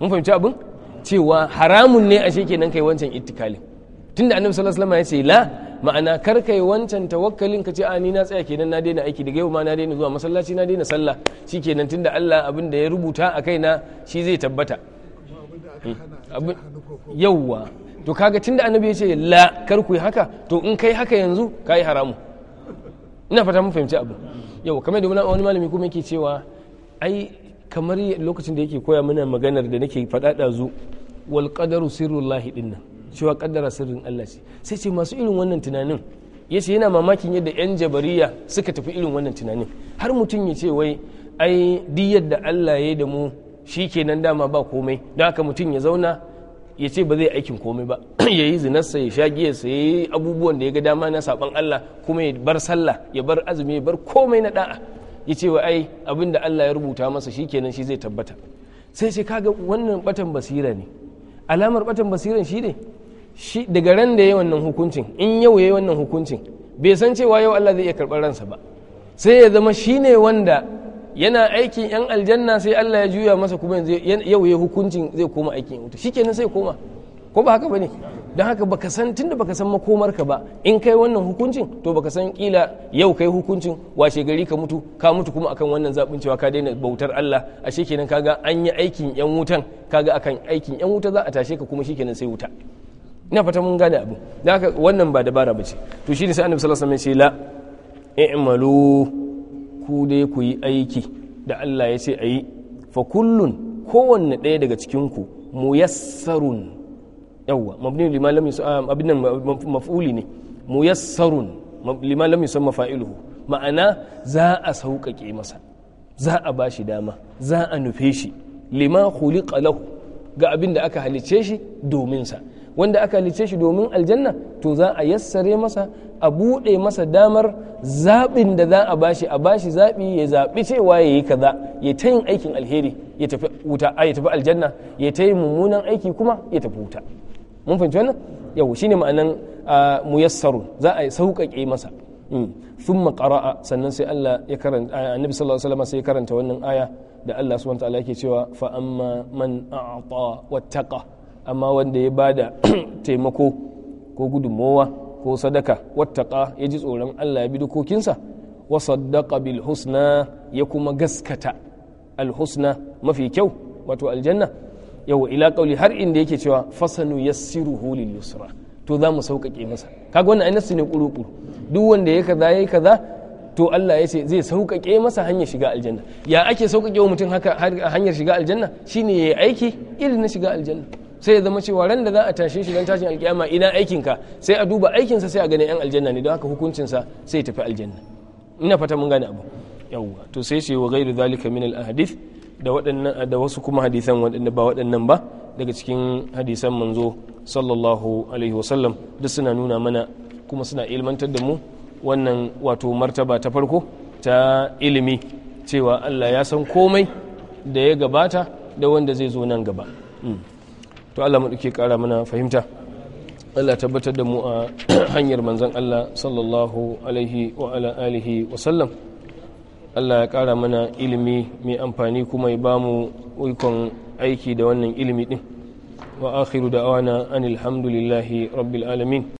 mun fahimci abin cewa haramun ne ashe nan kai wancan ittikalin tunda annabi sallallahu alaihi wasallam ya ce la ma'ana kar kai wancan tawakkalin ka ce a ni na tsaya kenan na daina aiki daga yau ma na daina zuwa masallaci na daina sallah shikenan tunda Allah abin da ya rubuta a kaina shi zai tabbata hmm. yauwa to kaga tunda annabi ya ce la kar ku yi haka to in kai haka yanzu kai haramu ina fata mun fahimci abu yau kamar da wani malami kuma yake cewa ai kamar lokacin da yake koya mana maganar da nake faɗa ɗazu wal qadaru sirrullahi ɗin nan cewa kaddara sirrin Allah ce sai ce masu irin wannan tunanin yace yana mamakin yadda 'yan jabariya suka tafi irin wannan tunanin har mutum ya ce wai ai duk yadda Allah ya da mu shi kenan dama ba komai don haka mutum ya zauna ya ce ba zai aikin komai ba (clears throat) ya yi zinarsa ya sha giyarsa ya yi abubuwan da ya ga dama na saban Allah kuma ya bar sallah ya bar azumi ya bar komai na da'a ya ce wa ai abin da Allah ya rubuta masa shi kenan shi zai tabbata sai sai kaga wannan batan basira ne alamar batan basiran shi ne shi daga ran da ya wannan hukuncin in yau ya wannan hukuncin bai san cewa yau Allah zai iya karɓar ransa ba sai ya zama shi ne wanda yana aikin yan aljanna sai Allah ya juya masa kuma yau ya hukuncin zai koma aikin wuta shi kenan sai koma ko ba haka ba don haka baka san tunda baka san ka ba in kai wannan hukuncin to baka san kila yau kai hukuncin washe gari ka mutu ka mutu kuma akan wannan zaɓin cewa ka daina bautar Allah ashe kenan kaga an yi aikin yan wutan kaga akan aikin yan wuta za a tashe ka kuma shekenan sai wuta ina fata mun gane abu don haka wannan ba dabara bace to shi ne sai annabi sallallahu alaihi wasallam ya ce la i'malu ku dai ku yi aiki da Allah ya ce ayi fa kullun kowanne ɗaya daga cikin ku muyassarun yawwa mabni lam yusam ah, abin nan maf'uli ne muyassarun lima lam yusam mafa'iluhu ma'ana za a sauƙaƙe masa za a bashi dama za a nufe shi lima khuliqa lahu ga abin da aka halicce shi domin sa wanda aka halicce shi domin aljanna to za a yassare masa a buɗe masa damar zaɓin da za a bashi a bashi zaɓi ya zaɓi cewa ya yi kaza ya ta yin aikin alheri ya tafi ya tafi aljanna ya ta yi mummunan aiki kuma ya tafi wuta mun fahimci wannan yau shine ma'anan muyassaru za a sauƙaƙe masa sun hmm. maƙara'a sannan sai Allah ya karanta annabi sallallahu alaihi wasallam sai ya karanta wannan aya da Allah subhanahu wataala yake cewa fa amma man a'ta wattaqa amma wanda ya bada (clears throat) taimako ko gudummawa ko sadaka wattaqa ya ji tsoron Allah ya bi dokokinsa wa saddaqa bil husna ya kuma gaskata al husna mafi kyau wato aljanna yau ila kauli har inda yake cewa fasanu yassiruhu lil yusra to za mu sauƙaƙe masa kaga wannan ainihin ne kuru duk wanda ya kaza ya kaza to Allah ya ce zai sauƙaƙe masa hanyar shiga aljanna ya ake sauƙaƙe wa mutum haka hanyar shiga aljanna shine yayi aiki irin na shiga aljanna sai ya zama cewa ran da za a tashe shi don tashin alkiyama ina aikinka sai a duba aikinsa sai a gani yan aljanna ne don haka hukuncinsa sai ya tafi aljanna ina fata mun gane abu yawwa to sai shi wa gairu zalika min al ahadith da da wasu kuma hadisan waɗanda ba waɗannan ba daga cikin hadisan manzo sallallahu alaihi wasallam duk suna nuna mana kuma suna ilmantar da mu wannan wato martaba ta farko ta ilimi cewa Allah ya san komai da ya gabata da wanda zai zo nan gaba mm. to Allah mu duke kara mana fahimta Allah tabbatar da mu a (clears throat) hanyar manzon Allah sallallahu alaihi wa alihi wa sallam allah ya kara mana ilimi mai amfani kuma ya ba mu ikon aiki da wannan ilimi ɗin wa akhiru da awana anilhamdulillahi rabbil alamin